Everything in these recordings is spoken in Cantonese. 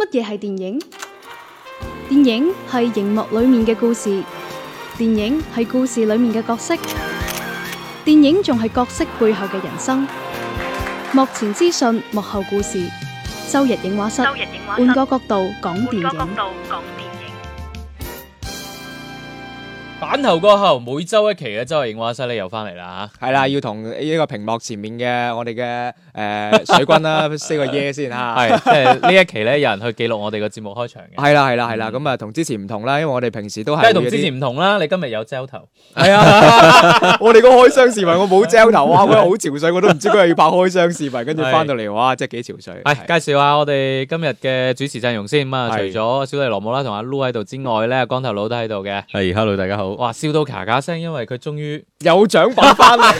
乜嘢係電影？電影係熒幕裏面嘅故事，電影係故事裏面嘅角色，電影仲係角色背後嘅人生。幕前資訊，幕後故事。周日影畫室，換個角度講電影。版頭過後，每周一期嘅周日影畫室，你又翻嚟啦吓，係啦，要同呢個屏幕前面嘅我哋嘅。誒， 水軍啦，say 個耶、yeah、先吓，係即係呢一期咧，有人去記錄我哋個節目開場嘅，係啦係啦係啦，咁啊同之前唔同啦，因為我哋平時都係，即係同之前唔同啦，你今日有膠頭，係 啊，我哋個開箱視頻我冇膠頭，哇，佢好潮水，我都唔知佢係要拍開箱視頻，跟住翻到嚟，哇，真係幾潮水。係介紹下我哋今日嘅主持陣容先，咁啊的除咗小弟羅姆啦同阿 Lu 喺度之外咧， 光頭佬都喺度嘅，係、哎、，hello 大家好，哇，笑到咔咔聲，因為佢終於。有獎品翻啦，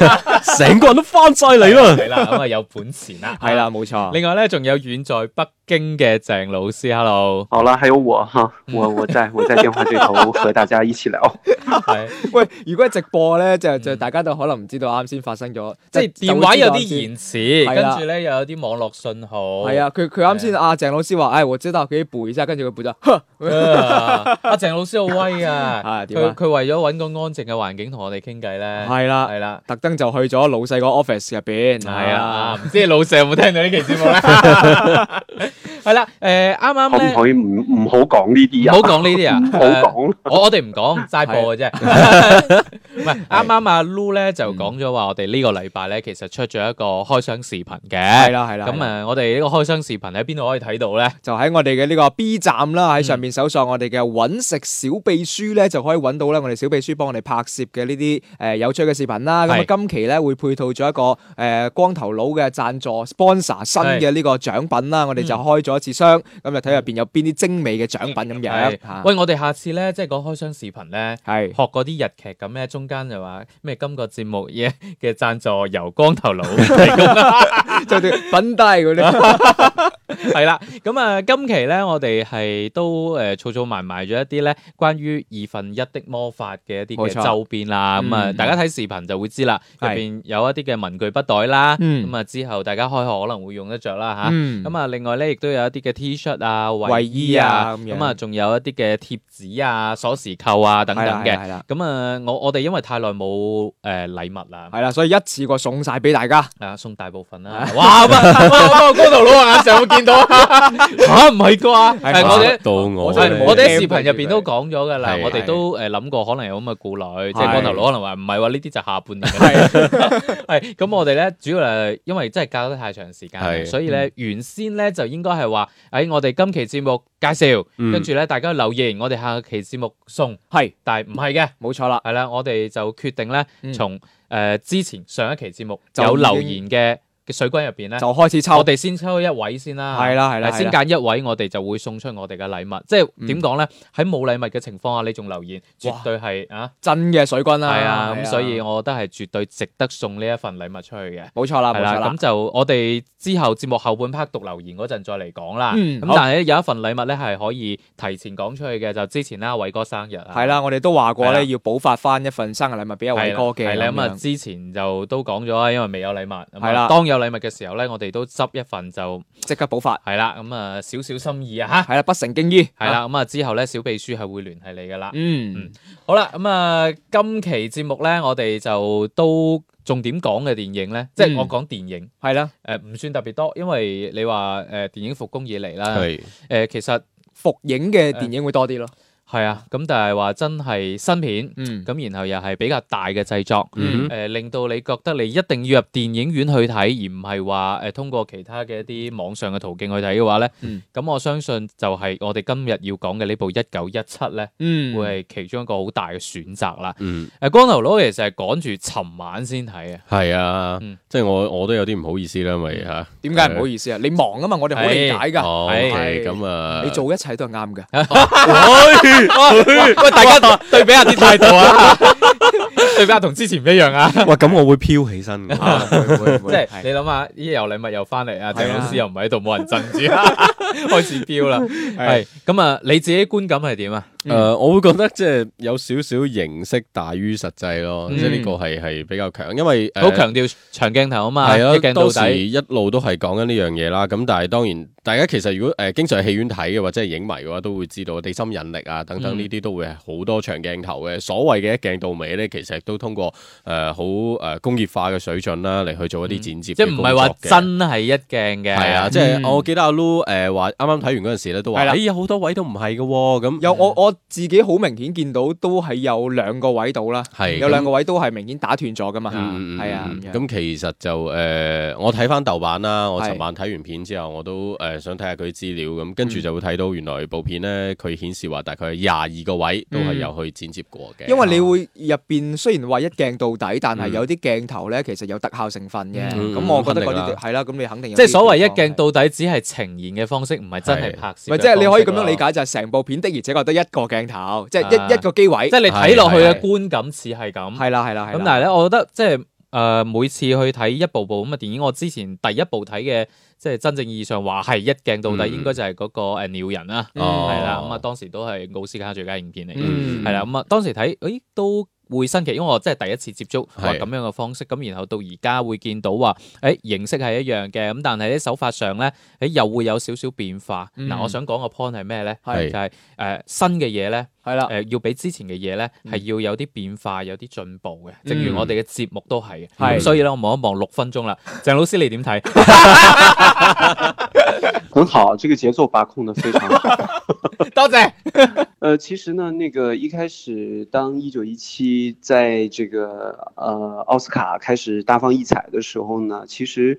成個人都翻晒嚟啦，係啦，咁啊有本錢啦，係啦，冇錯。另外咧，仲有遠在北京嘅鄭老師，Hello。好啦，還有我哈，我我在，我在電話對頭和大家一起聊。喂，如果係直播咧，就就大家都可能唔知道啱先發生咗，即係電話有啲延遲，跟住咧又有啲網絡信號。係啊，佢佢啱先阿鄭老師話，誒，我知道，佢啲背，啫跟住佢背咗。阿鄭老師好威啊，佢佢為咗搵個安靜嘅環境同我哋傾偈咧。係啦，係啦，特登就去咗老細個 office 入邊。係啊，唔知老細有冇聽到呢期節目咧？係啦，誒，啱啱可唔唔好講呢啲啊？唔好講呢啲啊？好講。我我哋唔講齋播嘅啫。唔係，啱啱阿 Lu 咧就講咗話，我哋呢個禮拜咧，其實出咗一個開箱視頻嘅。係啦，係啦。咁誒，我哋呢個開箱視頻喺邊度可以睇到咧？就喺我哋嘅呢個 B 站啦，喺上面搜索我哋嘅揾食小秘書咧，就可以揾到啦。我哋小秘書幫我哋拍攝嘅呢啲誒。有趣嘅視頻啦，咁啊今期咧會配套咗一個誒光頭佬嘅贊助 sponsor 新嘅呢個獎品啦，的我哋就開咗一次箱，咁就睇入邊有邊啲精美嘅獎品咁樣。喂，我哋下次咧即係嗰開箱視頻咧，的學嗰啲日劇咁咧中間就話咩？今個節目嘅嘅贊助由光頭佬提供咁， 就揼低嗰啲。係 啦， 咁啊今期咧我哋係都誒儲儲埋埋咗一啲咧，關於二分一的魔法嘅一啲嘅周邊啦，咁啊錯、嗯、大。而家睇視頻就會知啦，入邊有一啲嘅文具筆袋啦，咁啊之後大家開學可能會用得著啦嚇，咁啊另外咧亦都有一啲嘅 T 恤啊、衛衣啊咁樣，咁啊仲有一啲嘅貼紙啊、鎖匙扣啊等等嘅，咁啊我我哋因為太耐冇誒禮物啦，係啦，所以一次過送曬俾大家，啊送大部分啦，哇咁光頭佬啊，成日冇見到啊嚇唔係啩？係我哋導我，我哋視頻入邊都講咗㗎啦，我哋都誒諗過可能有咁嘅顧慮，即係光頭佬可能話唔係。呢啲就下半年係咁，我哋咧主要係因為真係隔得太長時間，是所以咧、嗯、原先咧就應該係話喺我哋今期節目介紹，跟住咧大家留言，我哋下期節目送係，但係唔係嘅，冇錯啦，係啦，我哋就決定咧從誒之前上一期節目有留言嘅。水軍入邊咧，就開始抽，我哋先抽一位先啦。係啦，係啦，先揀一位，我哋就會送出我哋嘅禮物。即係點講咧？喺冇禮物嘅情況下，你仲留言，絕對係啊真嘅水軍啦。係啊，咁所以我覺得係絕對值得送呢一份禮物出去嘅。冇錯啦，係啦。咁就我哋之後節目後半 part 讀留言嗰陣再嚟講啦。咁但係有一份禮物咧係可以提前講出去嘅，就之前啦，偉哥生日。係啦，我哋都話過咧，要補發翻一份生日禮物俾阿偉哥嘅。係啦，咁啊之前就都講咗，因為未有禮物。係啦，當有。禮物嘅時候咧，我哋都執一份就即刻補發，係啦。咁啊、嗯、小小心意啊吓，係啦不成敬意，係啦，咁啊之後咧小秘書係會聯繫你噶啦，嗯，好啦，咁啊今期節目咧，我哋就都重點講嘅電影咧，即係我講電影，係啦，誒唔的、呃、算特別多，因為你話誒、呃、電影復工以嚟，啦，係誒的、呃、其實復映嘅電影會多啲咯。呃係啊，咁但係話真係新片，咁然後又係比較大嘅製作，誒令到你覺得你一定要入電影院去睇，而唔係話誒通過其他嘅一啲網上嘅途徑去睇嘅話咧，咁我相信就係我哋今日要講嘅呢部一九一七咧，會係其中一個好大嘅選擇啦。誒，光頭佬其實係趕住尋晚先睇啊，係啊，即係我我都有啲唔好意思啦，因為吓，點解唔好意思啊？你忙啊嘛，我哋好理解噶，係咁啊，你做一切都係啱噶。喂，大家對比下啲態度啊，對比下同之前唔一樣啊。喂，咁我會飄起身嘅。即係你諗下，依有禮物又翻嚟，啊，鄭老師又唔係喺度，冇人鎮住，開始飄啦。係咁啊，你自己觀感係點啊？誒，嗯 uh, 我會覺得即係有少少形式大於實際咯，即係呢個係係比較強，因為好強調長鏡頭啊嘛，對一鏡到底一路都係講緊呢樣嘢啦。咁但係當然，大家其實如果誒、呃、經常喺戲院睇嘅或者係影迷嘅話，都會知道地心引力啊等等呢啲都會係好多長鏡頭嘅。嗯、所謂嘅一鏡到尾咧，其實都通過誒、呃、好誒工業化嘅水準啦嚟去做一啲剪接、嗯，即唔係話真係一鏡嘅。係、嗯、啊、即、就、係、是、我記得阿 Lo 誒話，啱啱睇完嗰陣時咧都話，哎呀好多位都唔係噶，咁有我我。我我自己好明顯見到都係有兩個位到啦，有兩個位都係明顯打斷咗噶嘛，係啊。咁其實就誒，我睇翻豆瓣啦，我尋晚睇完片之後，我都誒想睇下佢資料，咁跟住就會睇到原來部片呢，佢顯示話大概係廿二個位都係有去剪接過嘅。因為你會入邊雖然話一鏡到底，但係有啲鏡頭呢，其實有特效成分嘅，咁我覺得嗰啲係啦，咁你肯定有即係所謂一鏡到底，只係呈現嘅方式，唔係真係拍攝。唔係即係你可以咁樣理解就係成部片的而且確得一個個鏡頭，即係一、啊、一個機位，即係你睇落去嘅觀感似係咁。係啦係啦係啦。咁但係咧，我覺得即係誒、呃，每次去睇一部一部咁嘅電影，我之前第一部睇嘅，即係真正意義上話係一鏡到底，嗯、應該就係嗰、嗰個誒《鳥、呃、人》啦、嗯。哦、係、嗯、啦。咁啊、嗯嗯，當時都係奧斯卡最佳影片嚟嘅，係啦。咁啊，當時睇，誒，都。會新奇，因為我真係第一次接觸咁樣嘅方式，咁然後到而家會見到話，誒形式係一樣嘅，咁但係啲手法上咧，誒又會有少少變化。嗱，我想講個 point 係咩咧？係就係誒新嘅嘢咧。係啦，誒、呃，要比之前嘅嘢咧，係、嗯、要有啲變化，有啲進步嘅，嗯、正如我哋嘅節目都係，咁、嗯、是所以咧，我望一望六分鐘啦，鄭 老師你點睇？ 很好，這個節奏把控得非常好，刀仔。誒，其實呢，那個一開始當一九一七在這個，誒、呃，奧斯卡開始大放異彩嘅時候呢，其實。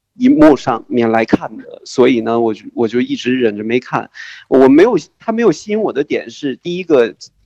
熒幕上面來看的，所以呢，我就我就一直忍着沒看。我沒有，它沒有吸引我的點是第一個。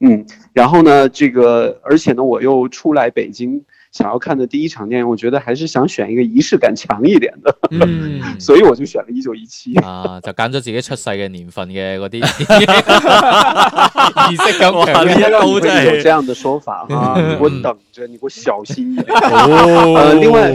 嗯，然後呢，這個，而且呢，我又出來北京，想要看的第一場電影，我覺得還是想選一個儀式感強一點的，嗯、 所以我就選了一九一七啊，就揀咗自己出世嘅年份嘅嗰啲儀式感強一點，呢一個好、就是、有這樣的說法 啊，你給我等着，你給我小心一點，呃、哦嗯，另外。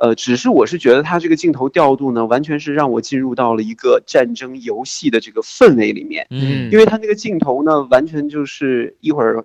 呃，只是我是覺得，它這個鏡頭調度呢，完全是讓我進入到了一個戰爭遊戲的這個氛圍裏面，嗯，因為它那個鏡頭呢，完全就是一會兒。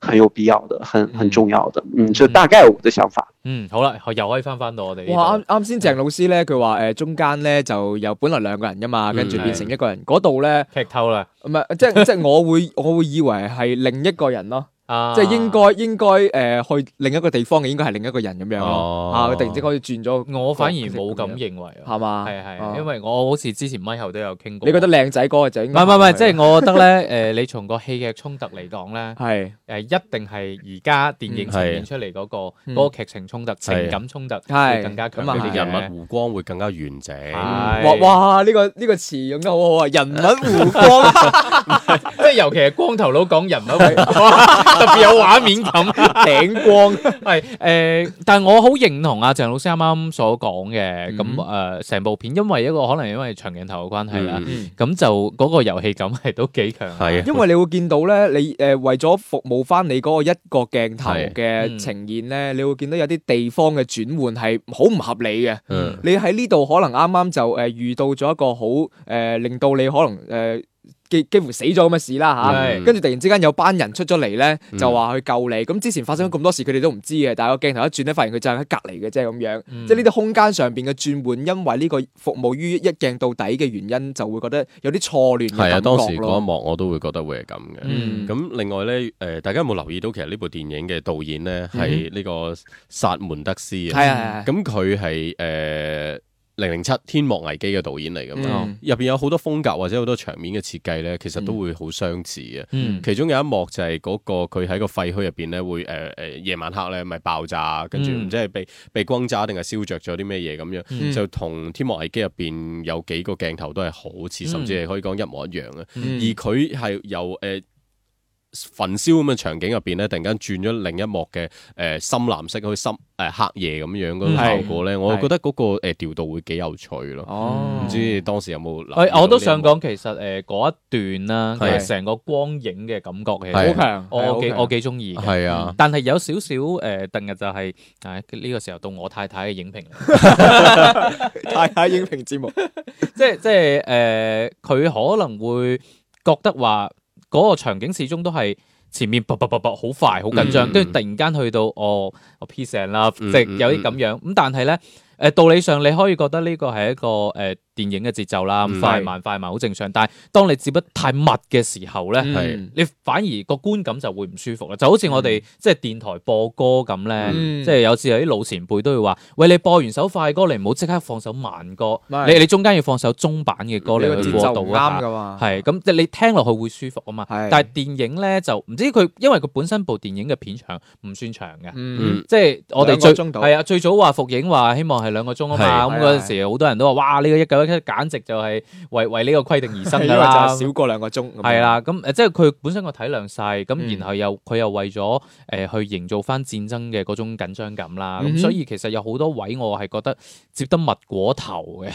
很有必要的，很很重要的，嗯，就大概我的想法，嗯，好啦，又可以翻翻到我哋。哇，啱啱先鄭老師咧，佢話誒中間咧就由本來兩個人噶嘛，嗯、跟住變成一個人，嗰度咧劇透啦，唔係即係即係 我會我會以為係另一個人咯。即係應該應該誒去另一個地方嘅應該係另一個人咁樣咯，啊佢突然之間可以轉咗，我反而冇咁認為，係嘛？係係，因為我好似之前咪後都有傾過。你覺得靚仔哥就應該？唔係唔係，即係我覺得咧誒，你從個戲劇衝突嚟講咧，係誒一定係而家電影呈現出嚟嗰個嗰劇情衝突、情感衝突係更加強啊！人物弧光會更加完整。哇！呢個呢個詞用得好好啊！人物弧光，即係尤其係光頭佬講人物 特別有畫面感， 頂光係誒，但係我好認同阿鄭老師啱啱所講嘅，咁誒、嗯，成、呃、部片因為一個可能因為長鏡頭嘅關係啦，咁、嗯、就嗰、那個遊戲感係都幾強，係的因為你會見到咧，你誒、呃、為咗服務翻你嗰個一個鏡頭嘅呈現咧，嗯、你會見到有啲地方嘅轉換係好唔合理嘅，嗯、你喺呢度可能啱啱就誒遇到咗一個好誒、呃、令到你可能誒。呃呃幾乎死咗咁嘅事啦嚇，對跟住突然之間有班人出咗嚟咧，就話去救你。咁、嗯、之前發生咁多事，佢哋都唔知嘅。但係個鏡頭一轉咧，發現佢就喺隔離嘅啫，咁樣、嗯。即係呢啲空間上邊嘅轉換，因為呢個服務於一鏡到底嘅原因，就會覺得有啲錯亂嘅感覺咯。係啊，當時嗰一幕我都會覺得會係咁嘅。咁、嗯、另外咧，誒、呃，大家有冇留意到其實呢部電影嘅導演咧係呢個薩門德斯啊？係啊、嗯，咁佢係誒。對零零七天幕危機嘅導演嚟咁樣，入邊、嗯、有好多風格或者好多場面嘅設計咧，其實都會好相似嘅。嗯嗯、其中有一幕就係嗰、嗰個佢喺個廢墟入邊咧，會誒誒夜晚黑咧咪爆炸，跟住唔知係被被轟炸定係燒着咗啲咩嘢咁樣，嗯、就同天幕危機入邊有幾個鏡頭都係好似，嗯、甚至係可以講一模一樣嘅。嗯嗯、而佢係由誒。呃焚燒咁嘅場景入邊咧，突然間轉咗另一幕嘅，誒深藍色去深誒黑夜咁樣樣嗰個效果咧，我覺得嗰個誒調度會幾有趣咯。哦，唔知當時有冇諗，我都想講，其實誒嗰一段啦，成個光影嘅感覺，好強，我我幾中意，係啊。但係有少少誒，突然就係誒呢個時候到我太太嘅影評，太太影評節目，即係即係誒，佢可能會覺得話。嗰個場景始終都係前面啵啵啵啵好快好緊張，跟住、嗯、突然間去到哦我、哦、peace a n 即係有啲咁樣。咁但係咧，誒、呃、道理上你可以覺得呢個係一個誒。呃電影嘅節奏啦，快慢快慢好正常。但係當你接得太密嘅時候咧，你反而個觀感就會唔舒服啦。就好似我哋即係電台播歌咁咧，即係有時有啲老前輩都會話，喂，你播完首快歌，你唔好即刻放首慢歌，你你中間要放首中板嘅歌嚟去過渡一下。係咁，你聽落去會舒服啊嘛。但係電影咧就唔知佢，因為佢本身部電影嘅片長唔算長嘅，即係我哋最啊，最早話復映話希望係兩個鐘啊嘛。咁嗰陣時好多人都話，哇呢個一九，簡直就係為為呢個規定而生啦， 少過兩個鐘，係啦的，咁誒、嗯，即係佢本身個體量細，咁、嗯、然後又佢又為咗誒、呃、去營造翻戰爭嘅嗰種緊張感啦，咁、嗯、所以其實有好多位我係覺得接得密果頭嘅，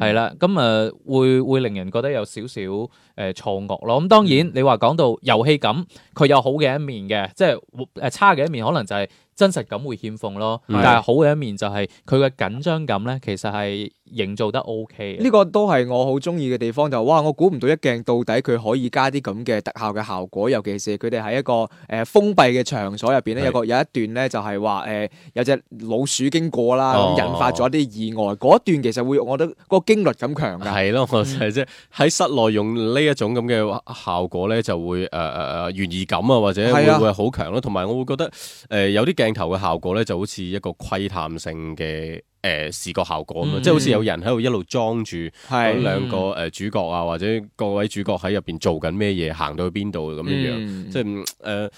係啦、嗯，咁誒、呃、會會令人覺得有少少誒錯愕咯。咁當然你話講到遊戲感，佢有好嘅一面嘅，即係誒、呃、差嘅一面可能就係、是。真實感會欠奉咯，但係好嘅一面就係佢嘅緊張感咧，其實係營造得 O K。呢個都係我好中意嘅地方，就哇！我估唔到一鏡到底佢可以加啲咁嘅特效嘅效果，尤其是佢哋喺一個誒封閉嘅場所入邊咧，有個有一段咧就係話誒有隻老鼠經過啦，咁引發咗啲意外。嗰一段其實會，我覺得個驚慄咁強嘅。係咯，我就係即係喺室內用呢一種咁嘅效果咧，就會誒誒懸疑感啊，或者會會好強咯。同埋我會覺得誒有啲鏡。鏡頭嘅效果咧，就好似一個窺探性嘅誒、呃、視覺效果咁啊，嗯、即係好似有人喺度一路裝住咁兩個誒主角啊，嗯、或者各位主角喺入邊做緊咩嘢，行到去邊度咁樣樣，嗯、即係誒、呃，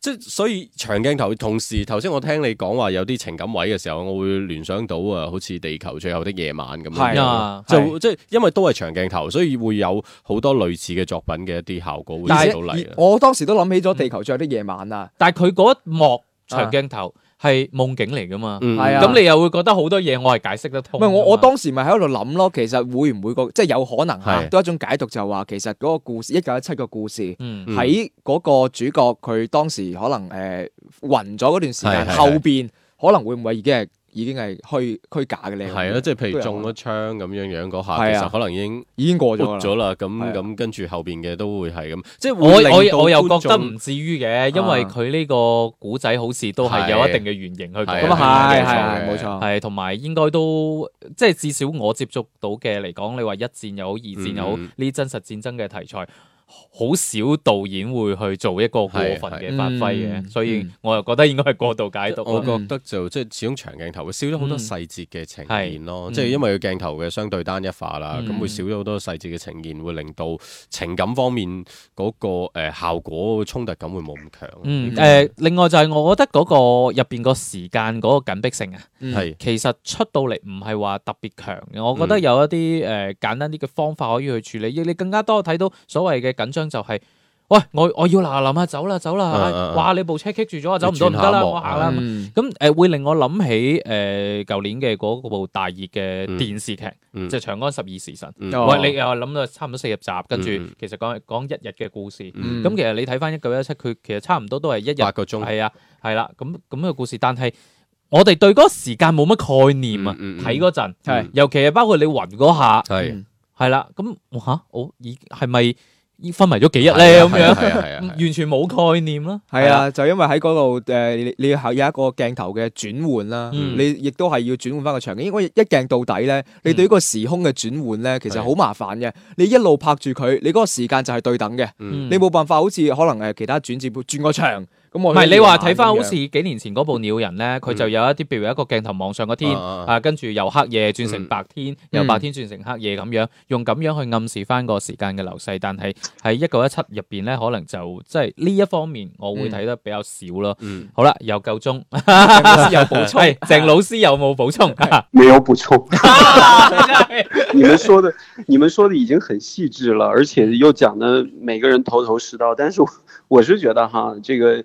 即係所以長鏡頭同時，頭先我聽你講話有啲情感位嘅時候，我會聯想到啊，好似《地球最後的夜晚》咁啊是，就即係因為都係長鏡頭，所以會有好多類似嘅作品嘅一啲效果會出到嚟。我當時都諗起咗《地球最後的夜晚》啊，但係佢嗰一幕。長鏡頭係夢境嚟噶嘛？咁、嗯、你又會覺得好多嘢，我係解釋得通。唔係我我當時咪喺度諗咯，其實會唔會個即係有可能吓係、啊，都一種解讀就係話，其實嗰個故事一九一七個故事，喺嗰個、嗯、個主角佢當時可能誒暈咗嗰段時間，後邊可能會唔會已經？已經係虛虛假嘅咧，係啊，即係譬如中咗槍咁樣樣嗰下，其實可能已經已經過咗啦，咁咁跟住後邊嘅都會係咁。即係我我我又覺得唔至於嘅，因為佢呢個古仔好似都係有一定嘅原型去講。咁啊係係冇錯，係同埋應該都即係至少我接觸到嘅嚟講，你話一戰又好，二戰又好呢啲真實戰爭嘅題材。好少導演會去做一個過分嘅發揮嘅，的所以我又覺得應該係過度解讀。我覺得就、嗯、即係始終長鏡頭會少咗好多細節嘅呈現咯，的即係因為個鏡頭嘅相對單一化啦，咁、嗯、會少咗好多細節嘅呈現，會令到情感方面嗰、那個誒、呃、效果衝突感會冇咁強。誒，另外就係我覺得嗰個入邊個時間嗰個緊迫性啊，係、嗯、的其實出到嚟唔係話特別強嘅，我覺得有一啲誒簡單啲嘅方法可以去處理，亦你更加多睇到所謂嘅。緊張就係喂，我我要啦，諗下走啦，走啦。哇，你部車棘住咗啊，走唔到唔得啦，我行啦。咁誒，會令我諗起誒，舊年嘅嗰個部大熱嘅電視劇，就《長安十二時辰》。喂，你又諗到差唔多四十集，跟住其實講講一日嘅故事。咁其實你睇翻一九一七，佢其實差唔多都係一日八個鐘，係啊，係啦。咁咁嘅故事，但係我哋對嗰個時間冇乜概念啊。睇嗰陣係，尤其係包括你暈嗰下係係啦。咁我吓我已係咪？已經分埋咗幾日咧咁樣， 完全冇概念咯。係啊對，吧就因為喺嗰度誒，你要有一個鏡頭嘅轉換啦。嗯、你亦都係要轉換翻個場景，因為一鏡到底咧，你對於個時空嘅轉換咧，其實好麻煩嘅。嗯、你一路拍住佢，你嗰個時間就係對等嘅。嗯、你冇辦法好似可能誒其他轉接盤轉個場。唔係、嗯、是你話睇翻好似幾年前嗰部鳥人咧，佢、嗯、就有一啲譬如一個鏡頭望上個天啊，啊，跟住由黑夜轉成白天，嗯、由白天轉成黑夜咁樣，用咁樣去暗示翻個時間嘅流逝。但係喺一九一七入邊咧，可能就即係呢一方面，我會睇得比較少咯。嗯，好啦，又夠鐘，有補充。誒， 鄭老師有冇補充？ 有沒有補充。你們說的，你們說的已經很細緻了，而且又講得每個人頭頭是道。但是，我是覺得哈，這個。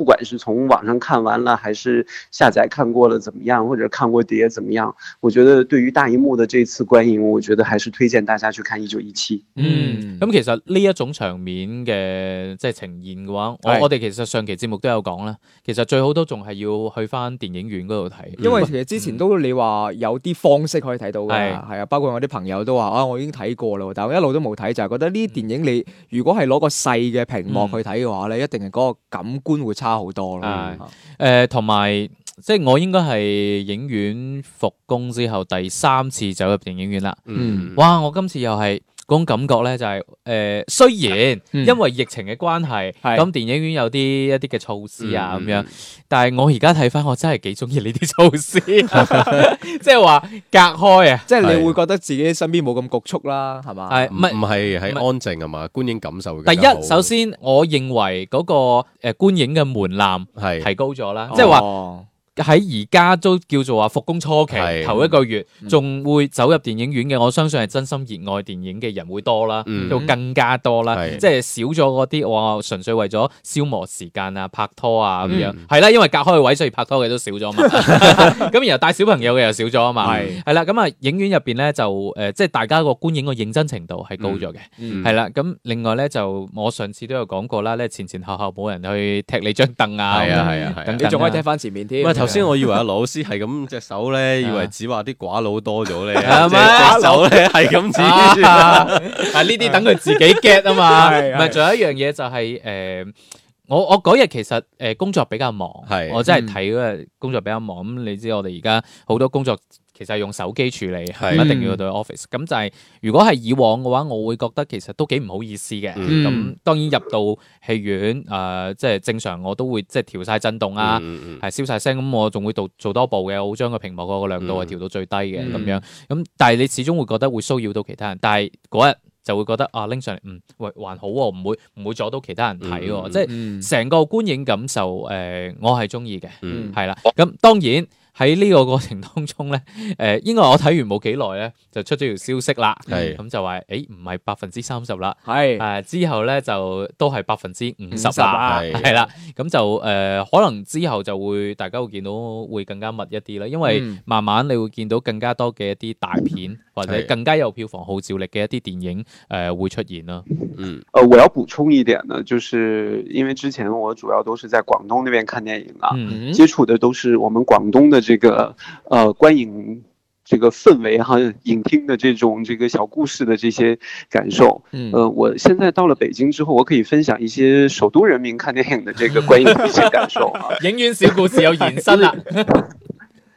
不管是從網上看完了，還是下載看過了，怎麼樣，或者看過碟怎麼樣，我覺得對於大熒幕的這次觀影，我覺得還是推薦大家去看《一九一七》。嗯，咁、嗯嗯、其實呢一種場面嘅即係呈現嘅話，是我我哋其實上期節目都有講啦。其實最好都仲係要去翻電影院嗰度睇，因為其實之前都你話有啲方式可以睇到嘅，係、嗯、是啊，包括我啲朋友都話啊，我已經睇過啦，但我一路都冇睇，就係、是、覺得呢啲電影你如果係攞個細嘅屏幕去睇嘅話咧，嗯、一定係嗰個感官會差。差好多咯，同埋、啊呃、即係我應該係影院復工之後第三次走入電影院啦。嗯，哇！我今次又係種感覺咧就係誒，雖然因為疫情嘅關係，咁電影院有啲一啲嘅措施啊，咁樣，但係我而家睇翻，我真係幾中意呢啲措施，即係話隔開啊，即係你會覺得自己身邊冇咁局促啦，係嘛？係唔係唔係喺安靜係嘛？觀影感受。第一，首先我認為嗰個誒觀影嘅門檻係提高咗啦，即係話。喺而家都叫做話復工初期頭一個月，仲會走入電影院嘅，我相信係真心熱愛電影嘅人會多啦，就更加多啦，即係少咗嗰啲我純粹為咗消磨時間啊、拍拖啊咁樣，係啦，因為隔開位，所以拍拖嘅都少咗嘛。咁然後帶小朋友嘅又少咗啊嘛。係係啦，咁啊影院入邊咧就誒，即係大家個觀影嘅認真程度係高咗嘅，係啦。咁另外咧就我上次都有講過啦，咧前前後後冇人去踢你張凳啊，係啊係啊，你仲可以踢翻前面添。先 我以為阿羅老師係咁隻手咧， 以為只話啲寡佬多咗咧，即係隻手咧係咁指啊！但呢啲等佢自己 get 啊嘛。唔係仲 是有一樣嘢就係、是、誒、呃，我我嗰日其實誒工作比較忙，係是我真係睇嗰日工作比較忙。咁、嗯、你知我哋而家好多工作。其實用手機處理係一定要對 office，咁就係如果係以往嘅話，我會覺得其實都幾唔好意思嘅。咁當然入到戲院誒，即係正常我都會即係調晒震動啊，係消晒聲咁，我仲會做多步嘅，我將個屏幕個個亮度係調到最低嘅咁樣。咁但係你始終會覺得會騷擾到其他人，但係嗰日就會覺得啊拎上嚟嗯喂還好喎，唔會唔會阻到其他人睇喎，即係成個觀影感受誒，我係中意嘅。係啦，咁當然。喺呢個過程當中咧，誒，應該我睇完冇幾耐咧，就出咗條消息啦，係咁是就話，誒、欸，唔係百分之三十啦，係誒是、呃，之後咧就都係百分之五十啦，係啦，咁是就誒、呃，可能之後就會大家會見到會更加密一啲啦，因為慢慢你會見到更加多嘅一啲大片。嗯嗯或者更加有票房號召力嘅一啲電影，誒、呃、會出現啦。嗯，誒、呃，我要補充一點呢，就是因為之前我主要都是在廣東那邊看電影啊，嗯、接觸的都是我們廣東的這個，誒、呃，觀影這個氛圍哈、啊，影廳的這種這個小故事的這些感受。嗯、呃，我現在到了北京之後，我可以分享一些首都人民看電影的這個觀影的一些感受啊。 影院小故事又延伸啦。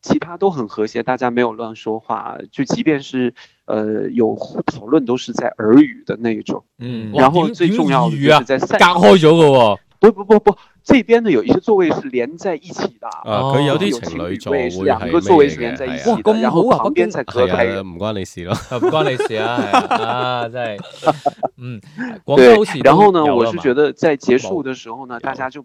其他都很和諧，大家沒有亂說話，就即便是呃有討論，都是在耳語的那種。嗯，然後最重要的是在、嗯啊、隔開咗不、啊、不不不，這邊呢有一些座位是連在一起的。啊，可以有啲情侶座位，兩個、啊、座，座位是連在一起的。啊、然後旁邊才可以。唔、啊、關你事咯，唔關你事啊，啊，真係嗯，對。然後呢，我是覺得在結束的時候呢，大家就。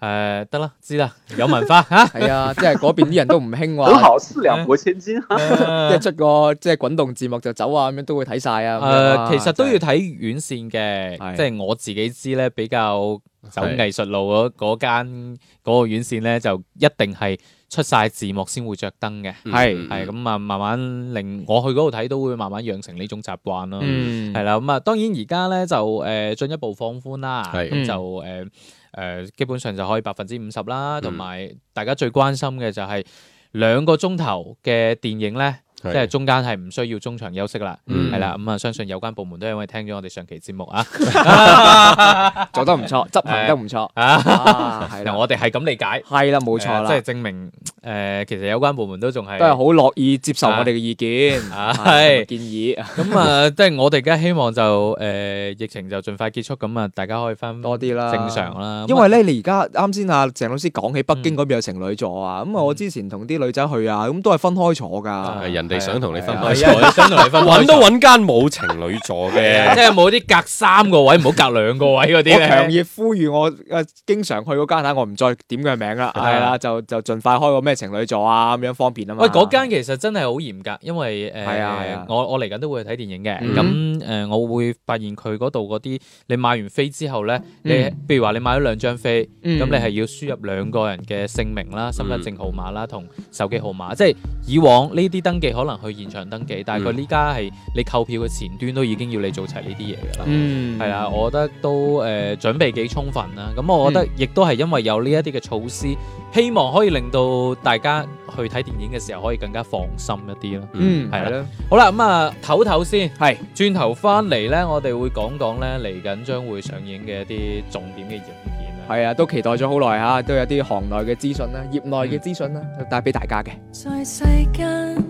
誒，得啦、uh,，知啦，有文化吓，係 啊， 即係嗰邊啲人都唔興話，好，四兩撥千斤，即係出個即係滾動字幕就走啊，咁樣都會睇晒啊。誒、uh, 啊，其實都要睇院線嘅，即係的我自己知咧，比較走藝術路嗰嗰間嗰個院線咧，就一定係。出晒字幕先會着燈嘅，係係咁啊，慢慢令我去嗰度睇都會慢慢養成呢種習慣咯，係、嗯、啦，咁啊、嗯，當然而家呢，就誒進一步放寬啦，咁就誒誒基本上就可以百分之五十啦，同埋、嗯、大家最關心嘅就係兩個鐘頭嘅電影呢。即係中間係唔需要中場休息啦，係啦，咁啊，相信有關部門都因為聽咗我哋上期節目啊，做得唔錯，執行得唔錯啊，嗱，我哋係咁理解，係啦，冇錯啦，即係證明誒，其實有關部門都仲係都係好樂意接受我哋嘅意見啊，係建議，咁啊，即係我哋而家希望就誒，疫情就盡快結束，咁啊，大家可以分多啲啦，正常啦，因為咧，你而家啱先阿鄭老師講起北京嗰邊有情侶座啊，咁啊，我之前同啲女仔去啊，咁都係分開坐噶。你想同你分開，想同你分開，揾都揾間冇情侶座嘅，即係冇啲隔三個位，唔好隔兩個位嗰啲。我強烈呼籲我啊，經常去嗰間，我唔再點佢名啦，係啦，就就盡快開個咩情侶座啊咁樣方便啊嘛。喂，嗰間其實真係好嚴格，因為誒，係啊，我我嚟緊都會去睇電影嘅。咁誒，我會發現佢嗰度嗰啲，你買完飛之後咧，你譬如話你買咗兩張飛，咁你係要輸入兩個人嘅姓名啦、身份證號碼啦、同手機號碼，即係以往呢啲登記。可能去現場登記，但係佢呢家係你購票嘅前端都已經要你做齊呢啲嘢㗎啦。嗯，係啊，我覺得都誒、呃、準備幾充分啦。咁我覺得亦都係因為有呢一啲嘅措施，希望可以令到大家去睇電影嘅時候可以更加放心一啲囉。嗯，係啦的。的好啦，咁啊，唞唞先。係轉頭翻嚟呢，我哋會講講呢嚟緊將會上映嘅一啲重點嘅影片啦。係啊，都期待咗好耐啊，都有啲行內嘅資訊啦，業內嘅資訊啦，嗯、帶俾大家嘅。在世間。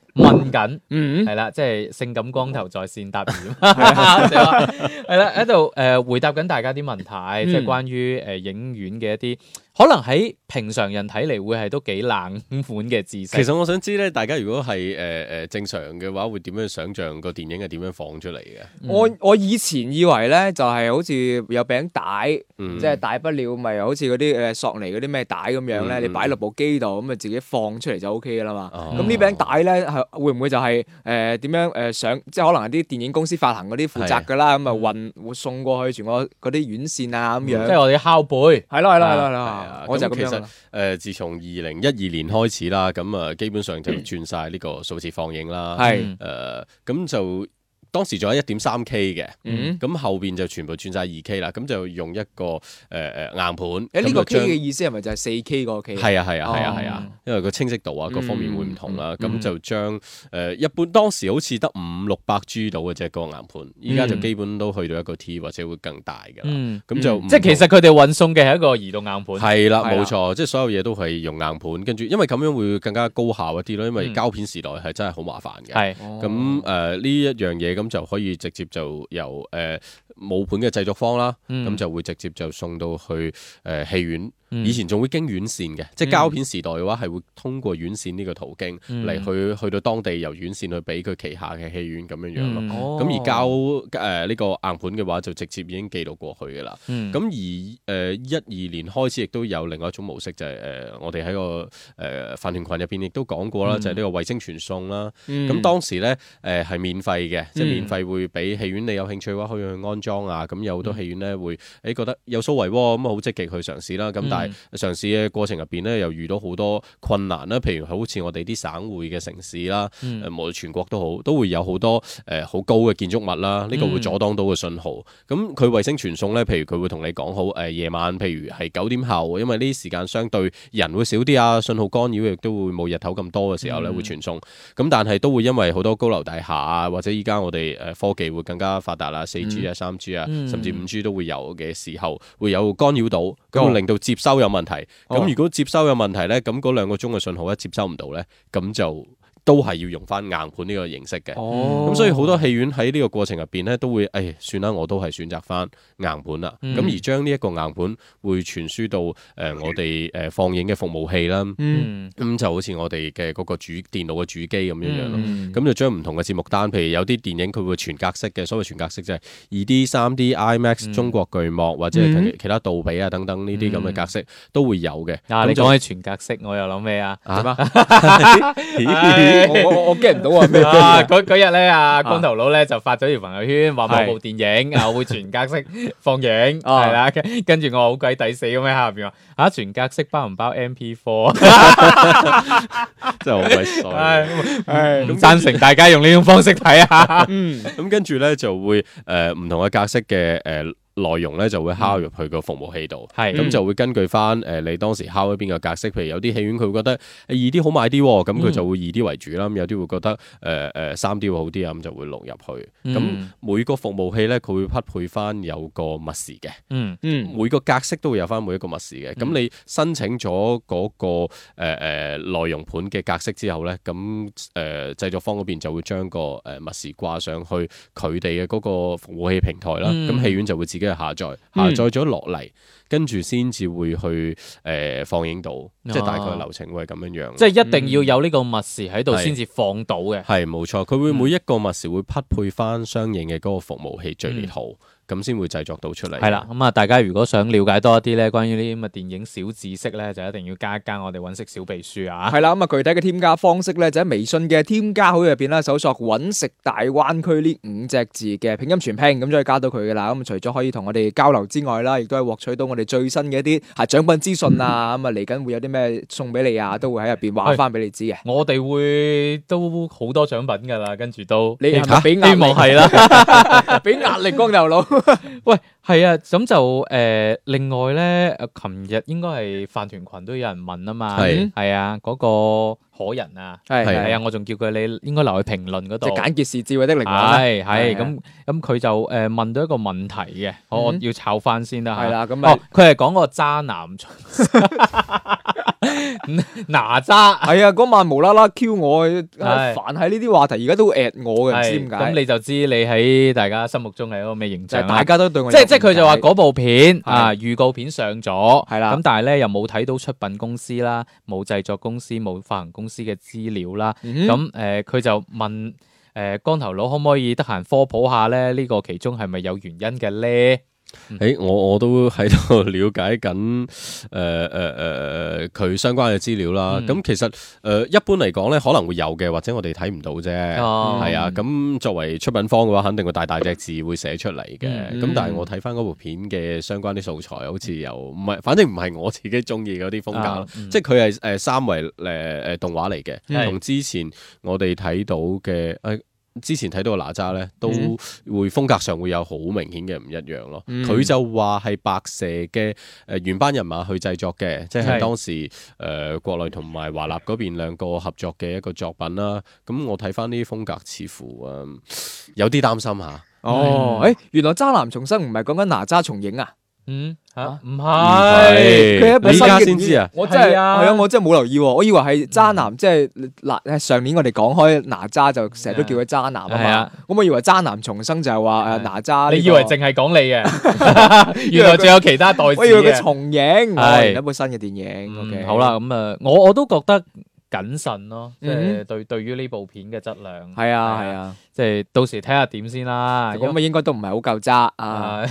問緊，係啦、嗯嗯，即係、就是、性感光頭在線答疑，係啦， 喺度誒，回答緊大家啲問題，嗯、即係關於誒影院嘅一啲。可能喺平常人睇嚟，會係都幾冷款嘅知識。其實我想知咧，大家如果係誒誒正常嘅話，會點樣想象個電影係點樣放出嚟嘅？我我以前以為咧，就係好似有餅帶，即係大不了咪好似嗰啲誒索尼嗰啲咩帶咁樣咧，你擺落部機度，咁咪自己放出嚟就 O K 㗎啦嘛。咁呢餅帶咧係會唔會就係誒點樣誒上？即係可能係啲電影公司發行嗰啲負責噶啦，咁啊運會送過去全個嗰啲院線啊咁樣。即係我哋拷貝，係咯係咯係咯係咯。我就其實誒、呃，自從二零一二年開始啦，咁啊基本上就轉晒呢個數字放映啦，誒咁、嗯呃、就。當時仲有一點三 K 嘅，咁後邊就全部轉晒二 K 啦，咁就用一個誒誒硬盤。誒呢個 K 嘅意思係咪就係四 K 個 K？係啊係啊係啊係啊，因為個清晰度啊各方面會唔同啦。咁就將誒一般當時好似得五六百 G 到嘅啫，個硬盤依家就基本都去到一個 T 或者會更大㗎啦。嗯，咁就即係其實佢哋運送嘅係一個移動硬盤。係啦，冇錯，即係所有嘢都係用硬盤，跟住因為咁樣會更加高效一啲咯。因為膠片時代係真係好麻煩嘅。咁誒呢一樣嘢咁就可以直接就由誒呃、舞盤嘅製作方啦，咁、嗯、就會直接就送到去誒呃、戲院。以前仲會經院線嘅，即係膠片時代嘅話係會通過院線呢個途徑嚟、嗯、去去到當地由院線去俾佢旗下嘅戲院咁樣樣咯。咁、嗯哦、而膠誒呢個硬盤嘅話就直接已經記錄過去嘅啦。咁、嗯、而誒、呃、一二年開始亦都有另外一種模式就係、是、誒、呃、我哋喺個誒、呃、飯團羣入邊亦都講過啦，嗯、就係呢個衛星傳送啦。咁、嗯嗯、當時咧誒係免費嘅，即係免費會俾戲院你有興趣嘅話可以去安裝啊。咁有好多戲院咧會誒、欸欸欸、覺得有收穫喎，咁啊好積極去嘗試啦。咁但上市嘅過程入邊咧，又遇到好多困難啦。譬如好似我哋啲省會嘅城市啦，誒、嗯，無論全國都好，都會有好多誒好、呃、高嘅建築物啦，呢、這個會阻擋到個信號。咁佢衛星傳送咧，譬如佢會同你講好，誒、呃，夜晚譬如係九點後，因為呢啲時間相對人會少啲啊，信號干擾亦都會冇日頭咁多嘅時候咧、嗯嗯、會傳送。咁但係都會因為好多高樓大廈啊，或者依家我哋誒科技會更加發達啦，四 G 啊、三 G 啊，甚至五 G 都會有嘅時候，會有干擾到。咁令到接收有問題，咁、哦、如果接收有問題咧，咁嗰兩個鐘嘅信號一接收唔到咧，咁就～都係要用翻硬盤呢個形式嘅，咁所以好多戲院喺呢個過程入邊呢，都會誒算啦，我都係選擇翻硬盤啦。咁而將呢一個硬盤會傳輸到誒我哋誒放映嘅服務器啦。嗯，咁就好似我哋嘅嗰個主電腦嘅主機咁樣樣咯。咁就將唔同嘅節目單，譬如有啲電影佢會全格式嘅，所謂全格式就係二 D、三 D、IMAX、中國巨幕或者其他杜比啊等等呢啲咁嘅格式都會有嘅。嗱，你講起全格式，我又諗咩啊？我我驚唔到啊！嗰嗰日咧，阿光頭佬咧就發咗條朋友圈，話某部電影啊會全格式放映，係啦、啊。跟住我好鬼抵死咁喺下邊話，吓、啊、全格式包唔包 MP4？真係好鬼衰，咁贊成大家用呢種方式睇下。咁跟住咧就會誒唔、呃、同嘅格式嘅誒。呃內容咧就會拷入去個服務器度，咁、嗯、就會根據翻誒、呃、你當時拷喺邊個格式，譬如有啲戲院佢會覺得二 D、欸、好賣啲，咁佢就會二 D 為主啦。嗯、有啲會覺得誒誒、呃、三 D 會好啲啊，咁就會錄入去。咁、嗯、每個服務器咧，佢會匹配翻有個密匙嘅，嗯嗯、每個格式都會有翻每一個密匙嘅。咁、嗯、你申請咗嗰、那個誒誒、呃呃、內容盤嘅格式之後咧，咁誒、呃、製作方嗰邊就會將個誒密匙掛上去佢哋嘅嗰個服務器平台啦。咁、嗯嗯、戲院就會自己。下載下載咗落嚟，跟住先至會去誒、呃、放映到，即係大概流程會係咁樣樣，啊嗯、即係一定要有呢個密匙喺度先至放到嘅。係冇錯，佢會每一個密匙會匹配翻相應嘅嗰個服務器序號。嗯嗯咁先會製作到出嚟。係啦，咁啊，大家如果想了解多一啲咧，關於呢啲咁嘅電影小知識咧，就一定要加一加我哋揾食小秘書啊！係啦，咁啊，具體嘅添加方式咧，就喺、是、微信嘅添加好友入邊啦，搜索揾食大灣區呢五隻字嘅拼音全拼，咁就可以加到佢噶啦。咁、嗯、除咗可以同我哋交流之外啦，亦都係獲取到我哋最新嘅一啲係獎品資訊啊。咁啊、 嗯，嚟緊會有啲咩送俾你啊，都會喺入邊話翻俾你知嘅。我哋會都好多獎品噶、啊、啦，跟住都你俾壓力希望係啦，俾壓力光頭佬。 喂，係啊，咁就誒、呃，另外咧，誒，琴日應該係飯團群都有人問啊嘛，係係啊，嗰、啊那個可人啊，係係啊,啊，我仲叫佢你應該留去評論嗰度，即係簡潔是智慧的靈魂，係係咁咁，佢、啊啊、就誒、呃、問到一個問題嘅，我我要抄翻先啦，係啦，咁啊，佢係講個渣男。 哪吒係啊，嗰晚無啦啦 Q 我，凡喺呢啲話題而家都 at 我嘅，唔知點解。咁你就知你喺大家心目中係一個咩形象？大家都對我即係即係佢就話、是、嗰、就是、部片 啊預告片上咗係啦，咁的但係咧又冇睇到出品公司啦，冇製作公司冇發行公司嘅資料啦。咁誒、嗯哼，佢、呃、就問誒、呃，光頭佬可唔可以得閒科普下咧？呢、這個其中係咪有原因嘅咧？誒、欸，我我都喺度了解緊，誒誒誒佢相關嘅資料啦。咁、嗯、其實誒、呃，一般嚟講咧，可能會有嘅，或者我哋睇唔到啫。係、嗯、啊，咁作為出品方嘅話，肯定會大大隻字會寫出嚟嘅。咁、嗯、但係我睇翻嗰部片嘅相關啲素材好，好似又唔係，反正唔係我自己中意嗰啲風格。啊嗯、即係佢係誒三維誒誒動畫嚟嘅，同是是之前我哋睇到嘅誒。呃呃之前睇到嘅哪吒呢，都會風格上會有好明顯嘅唔一樣咯。佢、嗯、就話係白蛇嘅誒原班人馬去製作嘅，即係是當時誒、呃、國內同埋華納嗰邊兩個合作嘅一個作品啦。咁我睇翻呢啲風格，似乎有啲擔心吓。哦是，原來渣男重生唔係講緊哪吒重影啊？嗯吓，唔係佢一部新先知啊。我真係係啊，我真係冇留意，我以為係渣男，即係哪上年我哋講開哪吒就成日都叫佢渣男啊嘛，我我以為渣男重生就係話誒哪吒，你以為淨係講你嘅，原來仲有其他代我以為佢重影，係一部新嘅電影，好啦，咁啊，我我都覺得。謹慎咯，即係對對於呢部片嘅質量係啊係啊，即係到時睇下點先啦。咁啊應該都唔係好夠渣啊，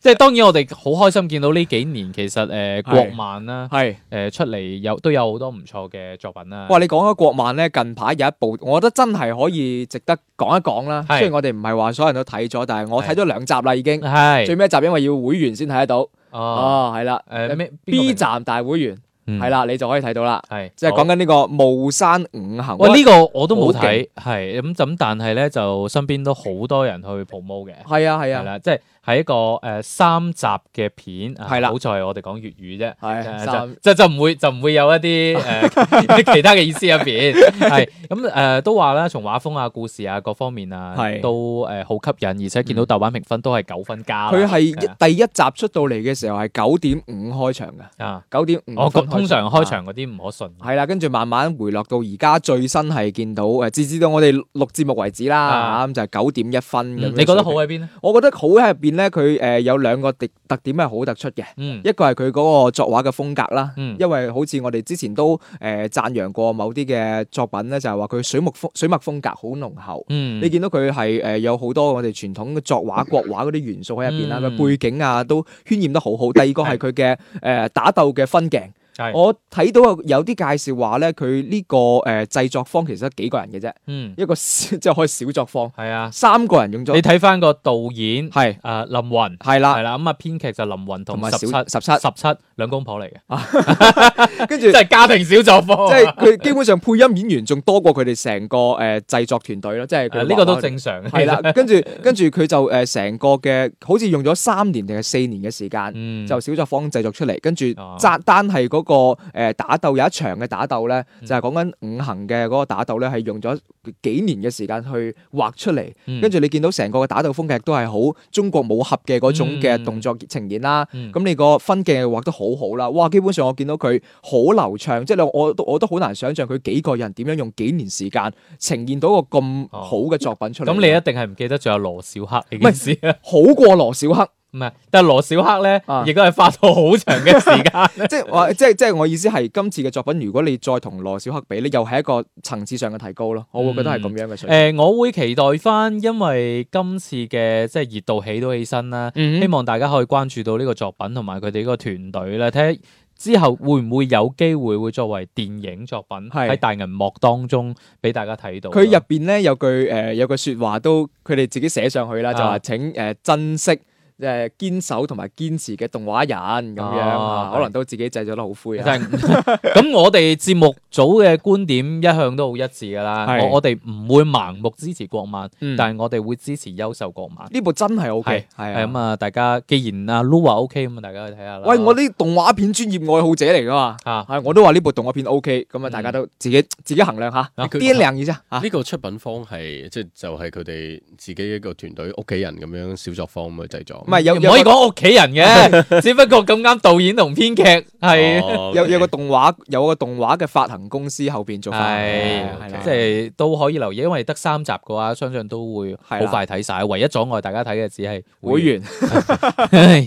即係當然我哋好開心見到呢幾年其實誒國漫啦係誒出嚟有都有好多唔錯嘅作品啦。哇，你講咗國漫咧，近排有一部，我覺得真係可以值得講一講啦。雖然我哋唔係話所有人都睇咗，但係我睇咗兩集啦已經，最尾一集因為要會員先睇得到。哦，係啦，誒咩 B 站大會員？係啦、嗯，你就可以睇到啦。係是即係講緊呢個霧山五行。哦。喂，呢個我都冇睇，係咁咁，但係咧就身邊都好多人去 promote 嘅。係啊係啊，係啦、啊，即係。就是係一個誒三集嘅片，係啦，好在我哋講粵語啫，係就就唔會就唔會有一啲誒其他嘅意思入邊，係咁誒都話啦，從畫風啊、故事啊各方面啊，都誒好吸引，而且見到豆瓣評分都係九分加，佢係第一集出到嚟嘅時候係九點五開場嘅，啊九點五，我通常開場嗰啲唔可信，係啦，跟住慢慢回落到而家最新係見到誒，直至到我哋錄節目為止啦，咁就係九點一分，你覺得好喺邊咧？我覺得好喺入邊。咧佢誒有兩個特點，特點係好突出嘅，嗯、一個係佢嗰個作畫嘅風格啦，嗯、因為好似我哋之前都誒、呃、讚揚過某啲嘅作品咧，就係話佢水墨風、水墨風格好濃厚，嗯、你見到佢係誒有好多我哋傳統嘅作畫國畫嗰啲元素喺入邊啦，個、嗯、背景啊都渲染得好好。第二個係佢嘅誒打鬥嘅分鏡。我睇到有啲介紹話咧，佢呢個誒製作方其實得幾個人嘅啫，一個即係可以小作坊，係啊，三個人用咗。你睇翻個導演係誒林雲，係啦，係啦，咁啊編劇就林雲同埋小七、十七、十七兩公婆嚟嘅，跟住即係家庭小作坊，即係佢基本上配音演員仲多過佢哋成個誒製作團隊咯，即係呢個都正常。係啦，跟住跟住佢就誒成個嘅，好似用咗三年定係四年嘅時間，就小作坊製作出嚟，跟住紮單係嗰。個誒打鬥有一場嘅打鬥咧，嗯、就係講緊五行嘅嗰個打鬥咧，係用咗幾年嘅時間去畫出嚟。跟住、嗯、你見到成個嘅打鬥風格都係好中國武俠嘅嗰種嘅動作呈現啦。咁、嗯嗯、你個分鏡畫得好好啦。哇，基本上我見到佢好流暢，即係我我都好難想象佢幾個人點樣用幾年時間呈現到一個咁好嘅作品出嚟。咁、嗯、你一定係唔記得仲有羅小黑呢件事，好過羅小黑。 唔係，但係羅小黑咧，亦都係花咗好長嘅時間， 即係，即係，即係我意思係，今次嘅作品，如果你再同羅小黑比咧，又係一個層次上嘅提高咯，我會覺得係咁樣嘅。誒、嗯呃，我會期待翻，因為今次嘅即係熱度起到起身啦，希望大家可以關注到呢個作品同埋佢哋呢個團隊咧，睇下之後會唔會有機會會作為電影作品喺是大銀幕當中俾大家睇到。佢入邊咧有句誒、呃、有句說話都佢哋自己寫上去啦，就話、嗯、請誒、呃、珍惜。誒堅守同埋堅持嘅動畫人咁樣，可能都自己製作得好灰。咁我哋節目組嘅觀點一向都好一致㗎啦。我哋唔會盲目支持國漫，但係我哋會支持優秀國漫。呢部真係 O K。係咁啊，大家既然啊 Lua O K，咁啊大家去睇下啦。喂，我啲動畫片專業愛好者嚟㗎嘛，係我都話呢部動畫片 O K，咁啊大家都自己自己衡量下。掂量嘢啫。呢個出品方係即係就係佢哋自己一個團隊屋企人咁樣小作坊咁去製作，唔係，有唔可以講屋企人嘅，只不過咁啱導演同編劇係有有個動畫，有個動畫嘅發行公司後邊做，即係都可以留意。因為得三集嘅話，相信都會好快睇晒。唯一阻礙大家睇嘅只係會員。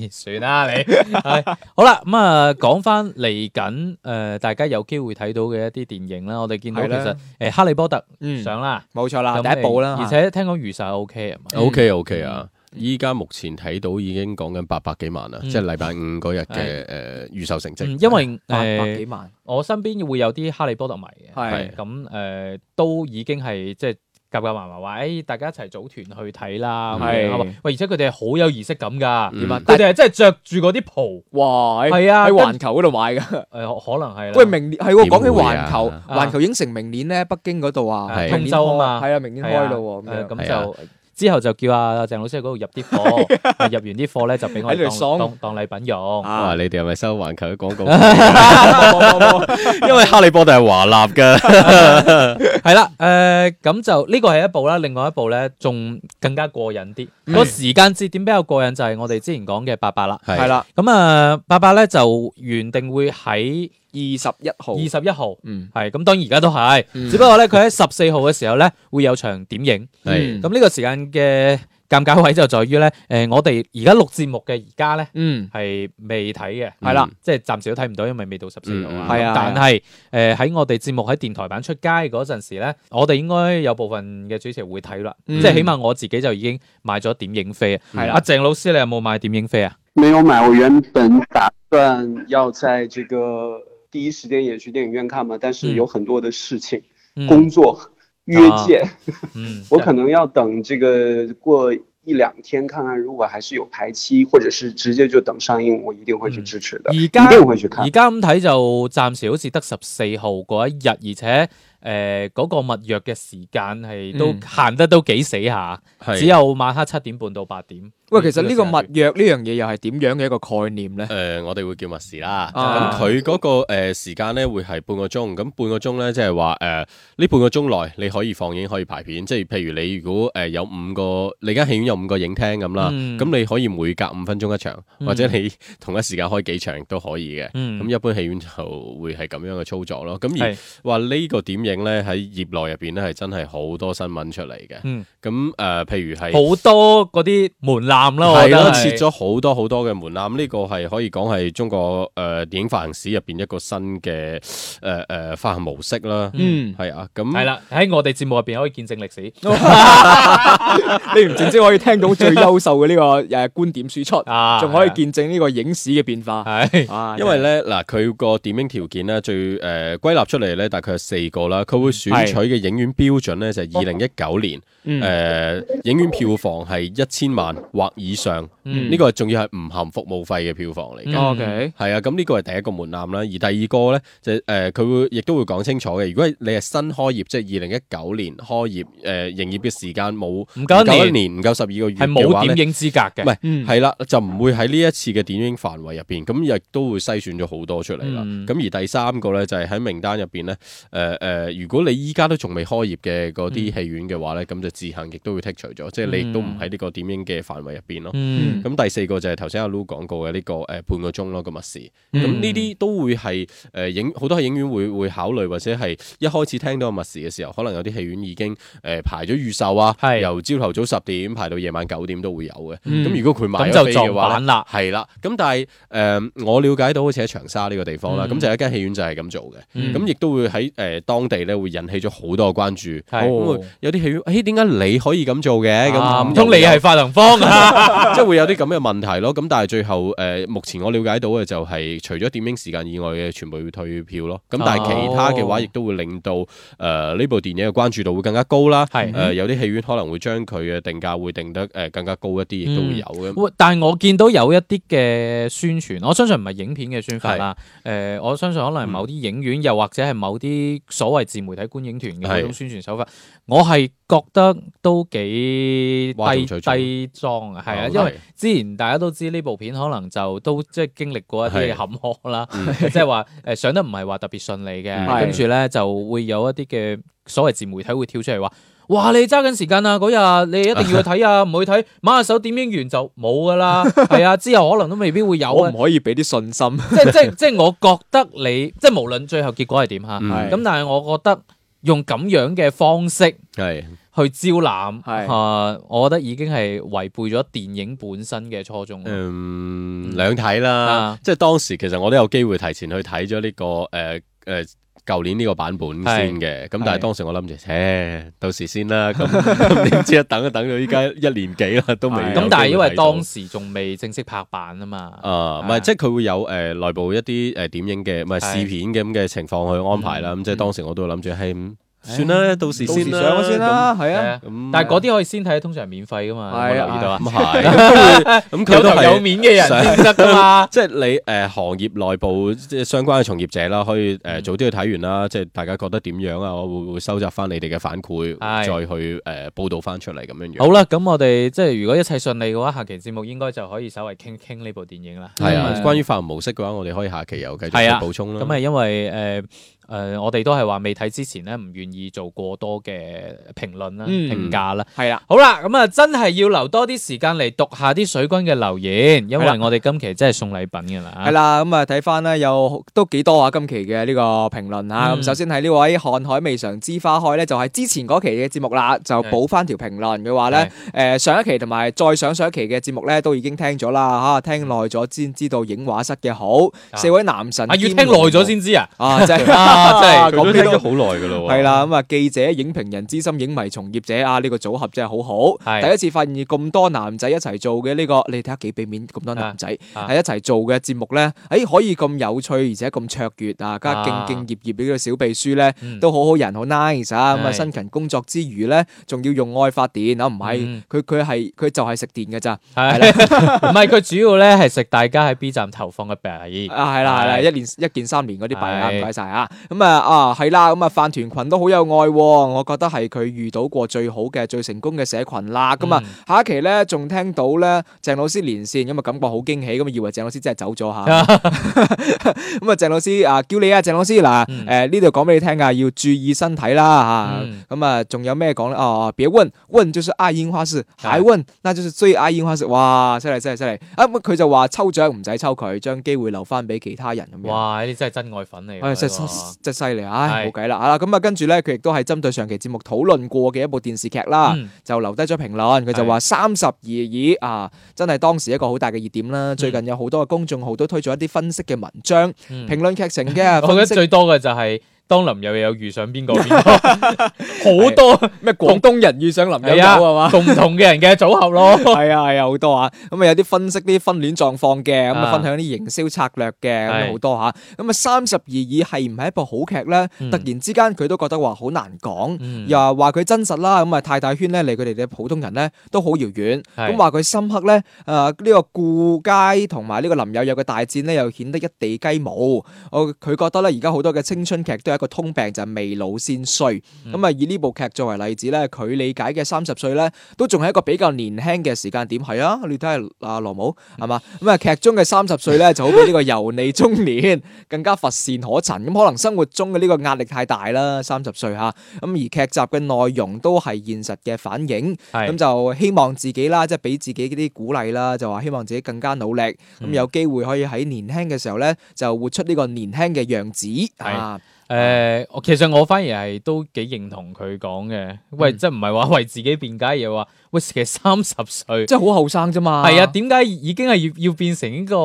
算啦，你好啦，咁啊，講翻嚟緊誒，大家有機會睇到嘅一啲電影啦，我哋見到其實誒《哈利波特》上啦，冇錯啦，第一部啦，而且聽講預售 OK 啊，OK OK 啊。依家目前睇到已經講緊八百幾萬啦，即係禮拜五嗰日嘅誒預售成績。因為八百幾萬，誒，我身邊會有啲哈利波特迷嘅，咁誒都已經係即係夾夾埋埋，話，誒大家一齊組團去睇啦。係，喂，而且佢哋係好有儀式感㗎，點啊？佢哋係真係着住嗰啲袍，哇！係啊，喺環球嗰度買㗎。可能係啦。喂，明年係喎，講起環球，環球影城明年咧，北京嗰度啊，通州啊，係啊，明年開啦喎，咁就。之後就叫阿、啊、鄭老師嗰度入啲貨， 入完啲貨咧就俾我 當當禮品用。啊，啊你哋係咪收環球嘅廣告、 啊啊？因為哈利波特係華納嘅，係啦 啊。誒、啊，咁、啊、就呢個係一部啦，另外一部咧仲更加過癮啲。如果的、嗯、時間節點比較過癮就係我哋之前講嘅八八啦，係啦的。咁啊，八八咧就原定會喺。二十一號，二十一號，嗯，係，咁當然而家都係，只不過咧佢喺十四號嘅時候咧會有場點映。係，咁呢個時間嘅尷尬位就在於咧，誒，我哋而家錄節目嘅而家咧，嗯，係未睇嘅，係啦，即係暫時都睇唔到，因為未到十四號啊，係啊，但係，誒，喺我哋節目喺電台版出街嗰陣時咧，我哋應該有部分嘅主持會睇啦，即係起碼我自己就已經買咗點映飛啊，係啊，阿鄭老師你有冇買點映飛啊？沒有買，我原本打算要在這個。第一時間也去電影院看嘛，但是有很多的事情，嗯、工作約見，我可能要等這個過一兩天看看，如果還是有排期，或者是直接就等上映，我一定會去支持的，嗯、一定會去看。而家咁睇就暫時好似得十四號嗰一日，而且。誒嗰、呃那個密鑰嘅時間係都限得都幾死下，嗯、只有晚黑七點半到八點。喂，其實呢個密鑰呢樣嘢又係點樣嘅一個概念咧？誒、呃，我哋會叫密匙啦。咁佢嗰個誒時間咧會係半個鐘，咁半個鐘咧即係話誒呢、就是呃、半個鐘內你可以放映可以排片，即係譬如你如果誒、呃、有五個，你間戲院有五個影廳咁啦，咁、嗯、你可以每隔五分鐘一場，嗯、或者你同一時間開幾場都可以嘅。嗯，咁一般戲院就會係咁樣嘅操作咯。咁而話呢個點影？影咧喺業內入邊咧係真係好多新聞出嚟嘅。咁誒、嗯呃，譬如係好多嗰啲門檻啦，係咯，設咗好多好多嘅門檻，呢、這個係可以講係中國誒電、呃、影發行史入邊一個新嘅誒誒發行模式啦，係啊、嗯，咁係啦，喺我哋節目入邊可以見證歷史， 你唔淨止可以聽到最優秀嘅呢個誒觀點輸出，仲、啊、可以見證呢個影史嘅變化，係、啊，因為咧嗱，佢個點映條件咧最誒歸納出嚟咧，大概係四個啦。佢會選取嘅影院標準咧，就係二零一九年。誒，影院票房係一千萬或以上，呢個係仲要係唔含服務費嘅票房嚟嘅。O K，係啊，咁呢個係第一個門檻啦。而第二個咧，就誒，佢會亦都會講清楚嘅。如果你係新開業，即係二零一九年開業，誒，營業嘅時間冇唔夠一年，唔夠十二個月，係冇點映資格嘅。唔係，係啦，就唔會喺呢一次嘅點映範圍入邊。咁亦都會篩選咗好多出嚟啦。咁而第三個咧，就係喺名單入邊咧，誒誒，如果你依家都仲未開業嘅嗰啲戲院嘅話咧，咁就。自行亦都會剔除咗，即係你亦都唔喺呢個點映嘅範圍入邊咯。咁第四個就係頭先阿 Loo 講過嘅呢個誒半個鐘咯，個密時。咁呢啲都會係誒影好多喺影院會會考慮，或者係一開始聽到個密時嘅時候，可能有啲戲院已經誒排咗預售啊，由朝頭早十點排到夜晚九點都會有嘅。咁如果佢晚就咗嘅話，係啦。咁但係誒，我了解到好似喺長沙呢個地方啦，咁就一間戲院就係咁做嘅。咁亦都會喺誒當地咧會引起咗好多嘅關注。咁有啲戲院誒點解？你可以咁做嘅，咁唔通你係發良方啊？方 即係會有啲咁嘅問題咯。咁但係最後，誒、呃、目前我了解到嘅就係，除咗點映時間以外嘅，全部要退票咯。咁但係其他嘅話，亦、哦、都會令到誒呢、呃、部電影嘅關注度會更加高啦。係、嗯呃、有啲戲院可能會將佢嘅定價會定得誒、呃、更加高一啲，亦都會有嘅。但係我見到有一啲嘅宣傳，我相信唔係影片嘅宣發啦。誒是、呃，我相信可能係某啲影院，嗯、又或者係某啲所謂自媒體觀影團嘅一種宣傳手法。是我係。覺得都幾低低裝啊，係啊，因為之前大家都知呢部片可能就都即係經歷過一啲坎坷啦，即係話誒上得唔係話特別順利嘅，跟住咧就會有一啲嘅所謂自媒體會跳出嚟話：哇！你揸緊時間啦，嗰日你一定要去睇啊，唔去睇，抹下手，點映完就冇噶啦，係啊，之後可能都未必會有。我唔可以俾啲信心，即係即係即係我覺得你即係無論最後結果係點嚇，咁但係我覺得用咁樣嘅方式係，去招攬，是啊，我覺得已經係違背咗電影本身嘅初衷。嗯，兩睇啦，是即係當時其實我都有機會提前去睇咗呢個誒誒舊年呢個版本先嘅，咁是但係當時我諗住、欸，到時先啦。咁、嗯、點知一等一等，到依家一年幾啦，都未。咁 但係因為當時仲未正式拍板啊嘛。啊、嗯，唔係是、嗯，即係佢會有誒內部一啲誒點映嘅，唔係試片嘅咁嘅情況去安排啦。咁即係當時我都諗住係。嗯嗯嗯。算啦，到時先先啦。係啊。但係嗰啲可以先睇，通常係免費噶嘛。我留意到啊？咁係，咁有頭有面嘅人先得噶嘛。即係你誒，行業內部即係相關嘅從業者啦，可以誒早啲去睇完啦。即係大家覺得點樣啊？我會會收集翻你哋嘅反饋，再去誒報道翻出嚟咁樣樣。好啦，咁我哋即係如果一切順利嘅話，下期節目應該就可以稍微傾一傾呢部電影啦。係啊，關於發行模式嘅話，我哋可以下期又繼續補充啦。咁係因為誒。誒、呃，我哋都係話未睇之前呢，唔願意做過多嘅評論啦、嗯、評價啦。係啦的，好啦，咁、嗯、啊，真係要留多啲時間嚟讀下啲水軍嘅留言，因為我哋今期真係送禮品㗎啦。係啦，咁、嗯、啊，睇翻呢，嗯、有都幾多啊？今期嘅呢個評論啊，咁、嗯、首先係呢位看海未嘗之花開呢，就係、是、之前嗰期嘅節目啦，就補翻條評論嘅話呢，誒的、嗯、上一期同埋再上上一期嘅節目呢，都已經聽咗啦嚇，聽耐咗先知道影畫室嘅好的的四位男神要聽耐咗先知 啊，就是、啊真係啊！真係講聽咗好耐㗎咯喎，係啦咁啊，記者、影評人、資深影迷、從業者啊，呢個組合真係好好。係第一次發現咁多男仔一齊做嘅呢個，你睇下幾畀面咁多男仔喺一齊做嘅節目咧？誒，可以咁有趣，而且咁卓越啊！家敬敬業業呢個小秘書咧，都好好人好 nice 啊！咁啊，辛勤工作之餘咧，仲要用愛發電啊？唔係佢佢係佢就係食電㗎咋，係啦，唔係佢主要咧係食大家喺 B 站投放嘅幣。啊，係啦係啦，一年一件三年嗰啲幣啊，唔該曬啊！咁啊啊係啦，咁啊飯糰群都好有愛，我覺得係佢遇到過最好嘅，最成功嘅社群啦。咁啊下一期咧仲聽到咧鄭老師連線，咁啊感覺好驚喜，咁啊以為鄭老師真係走咗吓。咁啊鄭老師啊叫你啊鄭老師嗱，誒呢度講俾你聽啊，要注意身體啦吓。咁啊仲有咩講咧？哦，別問問就是愛櫻花樹，還問那就是最愛櫻花樹。哇！犀利，犀利，犀利。啊佢就話抽獎唔使抽佢，將機會留翻俾其他人咁樣。哇！呢啲真係真愛粉嚟。真犀利，唉，冇計啦，吓咁啊！跟住咧，佢亦都係針對上期節目討論過嘅一部電視劇啦，嗯、就留低咗評論。佢就話《是三十而已》啊，真係當時一個好大嘅熱點啦。嗯、最近有好多嘅公眾號都推咗一啲分析嘅文章，嗯、評論劇情嘅。我覺得最多嘅就係、是。當林有有遇上邊個？好多咩？ 廣東人遇上預林有有係嘛？唔同嘅人嘅組合咯。係啊，係啊，好多啊。咁啊，有啲分析啲婚戀狀況嘅，咁啊，分享啲營銷策略嘅，好多吓。咁啊，三十而已係唔係一部好劇咧？嗯、突然之間佢都覺得話好難講，嗯、又話佢真實啦。咁啊，太太圈咧，離佢哋嘅普通人咧都好遙遠。咁話佢深刻咧，誒、呃、呢、這個顧佳同埋呢個林有有嘅大戰咧，又顯得一地雞毛。我佢覺得咧，而家好多嘅青春劇都一個通病就係、是、未老先衰，咁、嗯、啊，以呢部劇作為例子咧，佢理解嘅三十歲咧都仲係一個比較年輕嘅時間點，係啊，你睇下阿羅姆係嘛，咁啊劇、嗯、中嘅三十歲咧就好比呢個油膩中年更加乏善可陳，咁 可能生活中嘅呢個壓力太大啦，三十歲吓，咁而劇集嘅內容都係現實嘅反應，咁，是就希望自己啦，即係俾自己啲鼓勵啦，就話希望自己更加努力，咁、嗯嗯、有機會可以喺年輕嘅時候咧就活出呢個年輕嘅樣子是啊。誒、呃，其實我反而係都幾認同佢講嘅，喂，嗯、即係唔係話為自己辯解，而係話喂，其實三十歲，即係好後生啫嘛。係啊，點解已經係要要變成呢個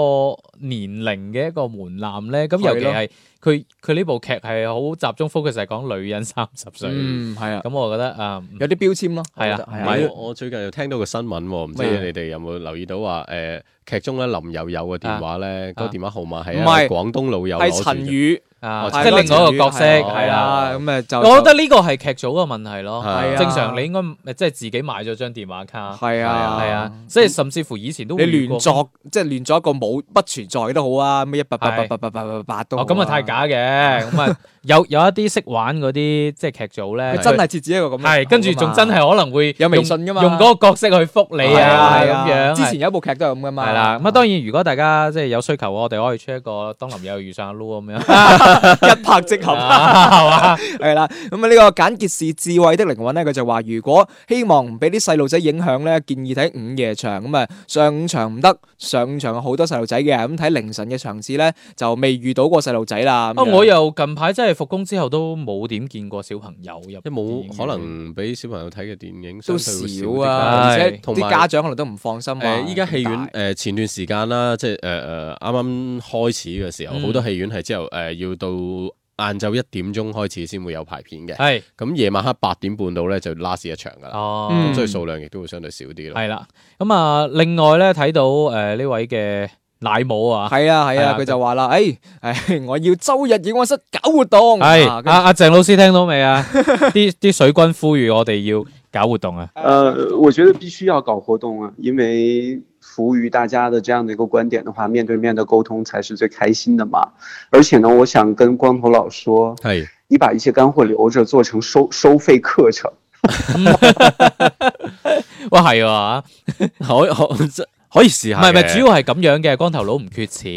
年齡嘅一個門檻咧，咁尤其係佢佢呢部劇係好集中 focus，就係講女人三十歲，嗯係啊，咁我覺得啊有啲標籤咯，係啊，係啊。我最近又聽到個新聞，唔知你哋有冇留意到話，誒，劇中咧林有有嘅電話咧，個電話號碼係唔係廣東老友，係陳宇啊，即係另外一個角色係啦，咁誒，我覺得呢個係劇組嘅問題咯，係啊。正常你應該即係自己買咗張電話卡，係啊係啊，所以甚至乎以前都你亂作，即係亂作一個冇不存。在都好啊，咩一百八八八八八八八都哦咁啊太假嘅，咁啊有有一啲識玩嗰啲即係劇組咧，真係設置一個咁，係跟住仲真係可能會有微信噶嘛，用嗰個角色去復你啊，係咁樣之前有一部劇都係咁噶嘛，係啦，咁啊當然如果大家即係有需求嘅，我哋可以出一個《東林有遇上阿 Luc》咁樣一拍即合，係嘛？係啦，咁啊呢個簡潔是智慧的靈魂咧，佢就話如果希望唔俾啲細路仔影響咧，建議睇午夜場，咁啊上午場唔得，上午場有好多細路仔嘅咁。睇凌晨嘅場次咧，就未遇到過細路仔啦。啊！我又近排真係復工之後都冇點見過小朋友入，冇可能俾小朋友睇嘅電影都少啊。而且同啲家長可能都唔放心。誒，依家戲院誒前段時間啦，即係誒誒啱啱開始嘅時候，好多戲院係之後誒要到晏晝一點鐘開始先會有排片嘅。係咁夜晚黑八點半到咧就拉 a 一場噶啦。哦，所以數量亦都會相對少啲啦。係啦，咁啊另外咧睇到誒呢位嘅。奶母啊，係啊係啊，佢、啊啊、就話啦，誒誒對、哎哎，我要周日演講室搞活動，係阿阿鄭老師聽到未啊？啲啲 水軍呼籲我哋要搞活動啊，誒、 啊，我覺得必須要搞活動啊，因為服務於大家嘅這樣的一個觀點的話，面對面嘅溝通才是最開心嘅嘛。而且呢，我想跟光頭佬說，你把一些乾貨留着，做成收收費課程。哇，係啊，好。好、哦。可以試下，唔係唔係，主要係咁樣嘅，光頭佬唔缺錢，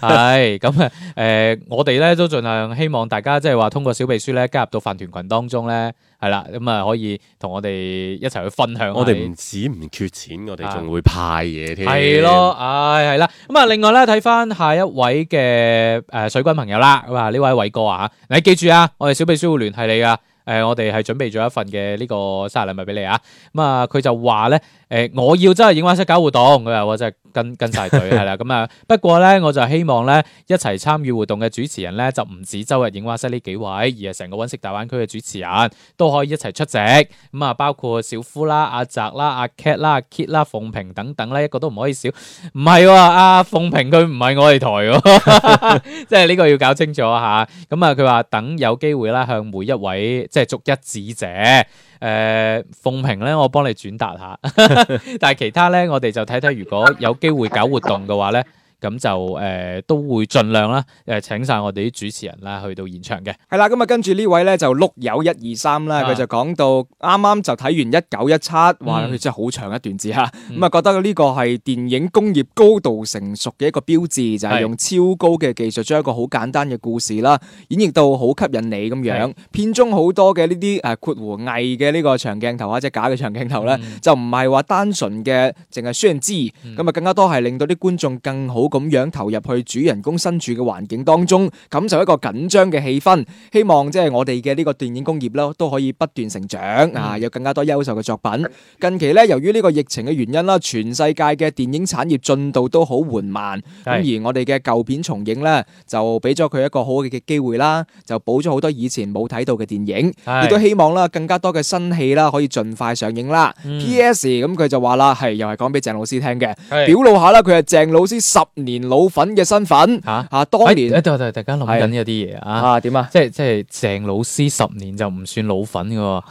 係咁啊，誒、呃，我哋咧都盡量希望大家即係話通過小秘書咧加入到飯團群當中咧，係啦，咁、嗯、啊可以同我哋一齊去分享。我哋唔止唔缺錢，我哋仲會派嘢添。係咯、啊，唉，係、哎、啦，咁啊，另外咧睇翻下一位嘅誒、呃、水軍朋友啦，咁啊呢位偉哥啊，你記住啊，我哋小秘書會聯繫你噶。誒、呃，我哋係準備咗一份嘅呢個生日禮物俾你啊！咁啊，佢就話咧，誒，我要真係影翻相搞活動，佢話，真係。 跟跟曬隊係啦，咁啊不過咧，我就希望咧一齊參與活動嘅主持人咧就唔止周日影畫室呢幾位，而係成個揾食大灣區嘅主持人都可以一齊出席。咁啊，包括小夫啦、阿澤啦、阿 Cat 啦、阿 Kit 啦、鳳平等等啦，一個都唔可以少。唔係喎，阿鳳平佢唔係我哋台喎，即係呢個要搞清楚嚇。咁啊，佢話等有機會啦，向每一位即係逐一致謝。誒鳳萍咧，我幫你轉達下， 但係其他咧，我哋就睇睇，如果有機會搞活動嘅話咧。咁就誒、呃、都會盡量啦，誒請晒我哋啲主持人啦去到現場嘅。係啦，咁啊，跟住呢位咧就碌友一二三啦，佢就講到啱啱就睇完一九一七，哇！佢真係好長一段字吓，咁啊、嗯嗯、覺得呢個係電影工業高度成熟嘅一個標誌，就係、是、用超高嘅技術將一個好簡單嘅故事啦，演繹到好吸引你咁樣是的 片中好多嘅呢啲誒括弧偽嘅呢個長鏡頭或者假嘅長鏡頭咧，嗯、就唔係話單純嘅淨係宣知，咁啊、嗯、更加多係令到啲觀眾更好。咁樣投入去主人公身處嘅環境當中，感受一個緊張嘅氣氛。希望即係我哋嘅呢個電影工業啦，都可以不斷成長啊，有更加多優秀嘅作品。近期咧，由於呢個疫情嘅原因啦，全世界嘅電影產業進度都好緩慢。咁是而我哋嘅舊片重映咧，就俾咗佢一個好嘅機會啦，就補咗好多以前冇睇到嘅電影。亦是都希望啦，更加多嘅新戲啦，可以盡快上映啦。嗯、P.S. 咁佢就話啦，係又係講俾鄭老師聽嘅，是表露下啦，佢係鄭老師十。年老粉嘅身份嚇嚇，當年誒，對對，大家諗緊有啲嘢啊嚇點啊？即即，鄭老師十年就唔算老粉嘅喎，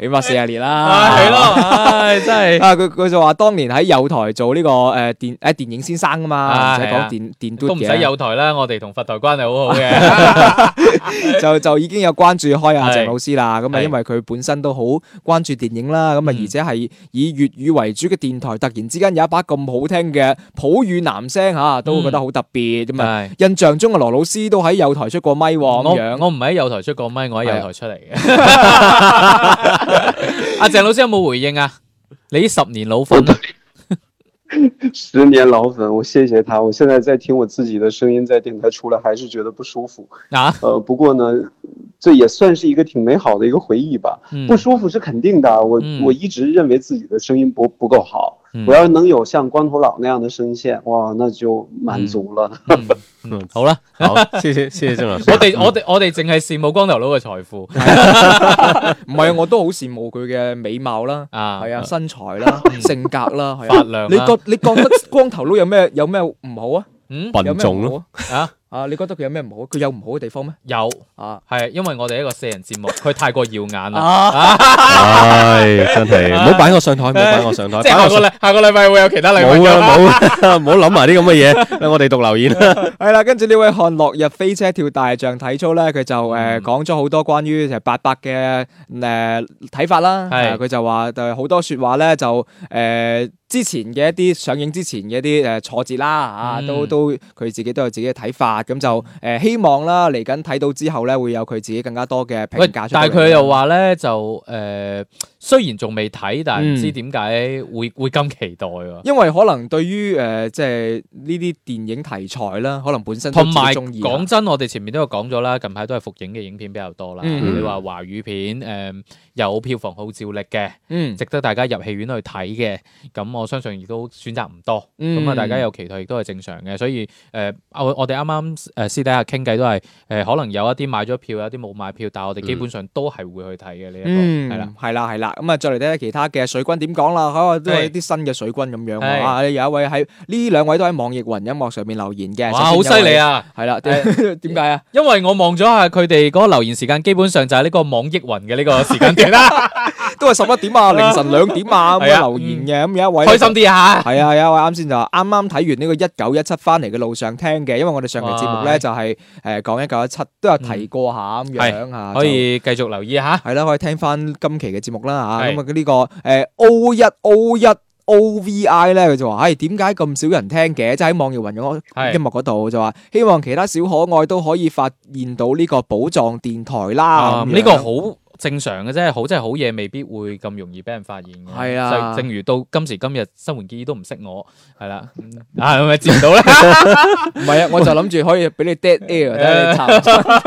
起碼四十年啦，係咯，唉真係啊！佢佢就話當年喺友台做呢個誒電誒電影先生啊嘛。唔使講電電 do 嘅，都唔使友台啦，我哋同佛台關係好好嘅，就就已經有關注開阿鄭老師啦。咁啊，因為佢本身都好關注電影啦，咁啊，而且係以粵語為主嘅電台，突然之間有一把咁好聽嘅。普語男聲吓，都會覺得好特別咁啊！印象中嘅羅老師都喺友台出過咪喎。嗯、樣我唔喺友台出過咪，我喺友台出嚟嘅。阿 鄭 老師有冇回應啊？你十年老粉， 十年老粉，我謝謝他。我現在在聽我自己的聲音，在電台出來，還是覺得不舒服啊。呃，不過呢，這也算是一個挺美好的一個回憶吧。不舒服是肯定的，我我一直認為自己的聲音不不夠好。我要，嗯、能有像光頭佬那樣的聲線，哇，那就滿足了，嗯。嗯，好啦，好， 謝謝謝謝鄭老師。我哋我哋我哋淨係羨慕光頭佬嘅財富，唔係啊，我都好羨慕佢嘅美貌啦，係啊，啊，身材啦，嗯、性格啦，啊、髮量亮、啊。 你覺你覺得光頭佬有咩有咩唔好啊？嗯，有咩唔好啊。啊啊，你覺得佢有咩唔好？佢有唔好嘅地方咩？有啊，係因為我哋一個四人節目，佢太過耀眼啦。唉，真係，唔好擺我上台，唔好擺我上台。即係下個下個禮拜會有其他禮物。冇啦冇，唔好諗埋啲咁嘅嘢。我哋讀留言。係啦，跟住呢位看落日飛車跳大象體操咧，佢就誒講咗好多關於誒八佰嘅誒睇法啦。係，佢就話好多説話咧，就誒。之前嘅一啲上映之前嘅一啲誒挫折啦，啊、嗯，都都佢自己都有自己嘅睇法，咁就誒、呃、希望啦，嚟緊睇到之後咧，會有佢自己更加多嘅評價出嚟。但係佢又話咧，就誒。呃雖然仲未睇，但係唔知點解會會咁期待喎。因為可能對於誒即係呢啲電影題材啦，可能本身同埋講真，我哋前面都有講咗啦，近排都係復映嘅影片比較多啦。你話華語片誒有票房號召力嘅，嗯，值得大家入戲院去睇嘅。咁我相信亦都選擇唔多，咁啊，大家有期待亦都係正常嘅。所以誒，我我哋啱啱誒私底下傾偈，都係誒，可能有一啲買咗票，有啲冇買票，但係我哋基本上都係會去睇嘅呢一個，係啦，係啦，係啦。咁啊、嗯，再嚟睇下其他嘅水軍點講啦，可能即係一啲新嘅水軍咁是樣啊。是有一位喺呢兩位都喺網易雲音樂上面留言嘅，哇，好犀利啊！係啦 了，點解啊？因為我望咗下佢哋嗰個留言時間，基本上就係呢個網易雲嘅呢個時間段啦。 都係十一點啊，凌晨兩點啊，咁樣留言嘅，咁有一位開心啲啊，係啊，係啊，我啱先就啱啱睇完呢個一九一七翻嚟嘅路上聽嘅，因為我哋上期節目咧就係誒講一九一七，都有提過下咁樣啊，可以繼續留意吓，係啦，可以聽翻今期嘅節目啦吓，咁啊呢個誒 O 一 O 一 OVI 咧，佢就話，唉，點解咁少人聽嘅？即係喺網易雲嗰音樂嗰度就話，希望其他小可愛都可以發現到呢個寶藏電台啦，呢個好。正常嘅啫，真好即係好嘢，未必會咁容易俾人發現嘅。係啊，正如到今時今日，新垣結衣都唔識我，係啦，係咪接唔到咧？唔係啊，我就諗住可以俾你 dead air，等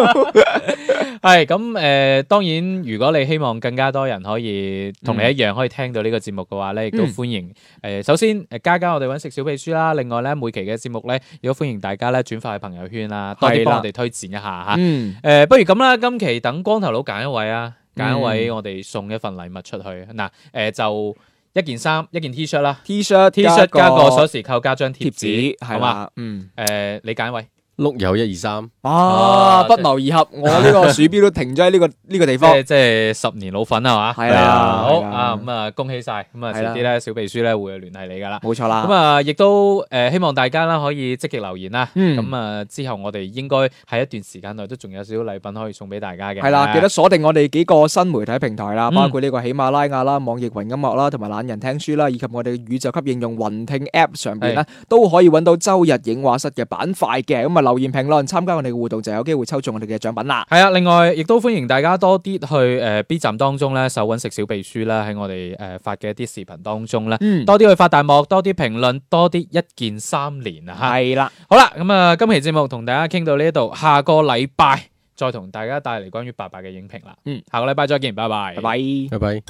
係咁誒，當然如果你希望更加多人可以同你一樣可以聽到呢個節目嘅話咧，亦、嗯、都歡迎誒、呃。首先誒，加加我哋揾食小秘書啦。另外咧，每期嘅節目咧，亦都歡迎大家咧轉發喺朋友圈啦，嗯、多啲幫我哋推薦一下嚇。誒、啊，不如咁啦，今期等光頭佬揀一位啊。揀一位，我哋送一份禮物出去。嗱、嗯，誒、呃、就一件衫，一件 t 恤啦。t 恤 t 恤加個鎖匙扣，加張貼紙，紙好嘛吧？嗯，誒、呃、你揀一位。碌有一二三，啊，不謀而合，我呢個鼠標都停咗喺呢個呢個地方。即係十年老粉啊，係嘛？係啊，好啊，咁啊，恭喜晒，咁啊，遲啲咧，小秘書咧會聯繫你噶啦，冇錯啦。咁啊，亦都誒，希望大家啦可以積極留言啦。咁啊，之後我哋應該喺一段時間內都仲有少少禮品可以送俾大家嘅。係啦，記得鎖定我哋幾個新媒體平台啦，包括呢個喜馬拉雅啦、網易雲音樂啦、同埋懶人聽書啦，以及我哋嘅宇宙級應用雲聽 App 上邊咧，都可以揾到周日影畫室嘅板塊嘅。咁啊。留言評論參加我哋嘅互動就有機會抽中我哋嘅獎品啦。係啊，另外亦都歡迎大家多啲去誒、呃、B 站當中咧搜揾食小秘書啦，喺我哋誒、呃、發嘅一啲視頻當中咧，嗯、多啲去發彈幕，多啲評論，多啲一鍵三連啊！吓，係啦的，好啦，咁、嗯、啊，今期節目同大家傾到呢度，下個禮拜再同大家帶嚟關於爸爸嘅影評啦。嗯，下個禮拜再見，拜拜，拜拜，拜拜。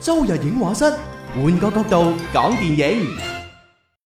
周日影畫室，換個角度講電影。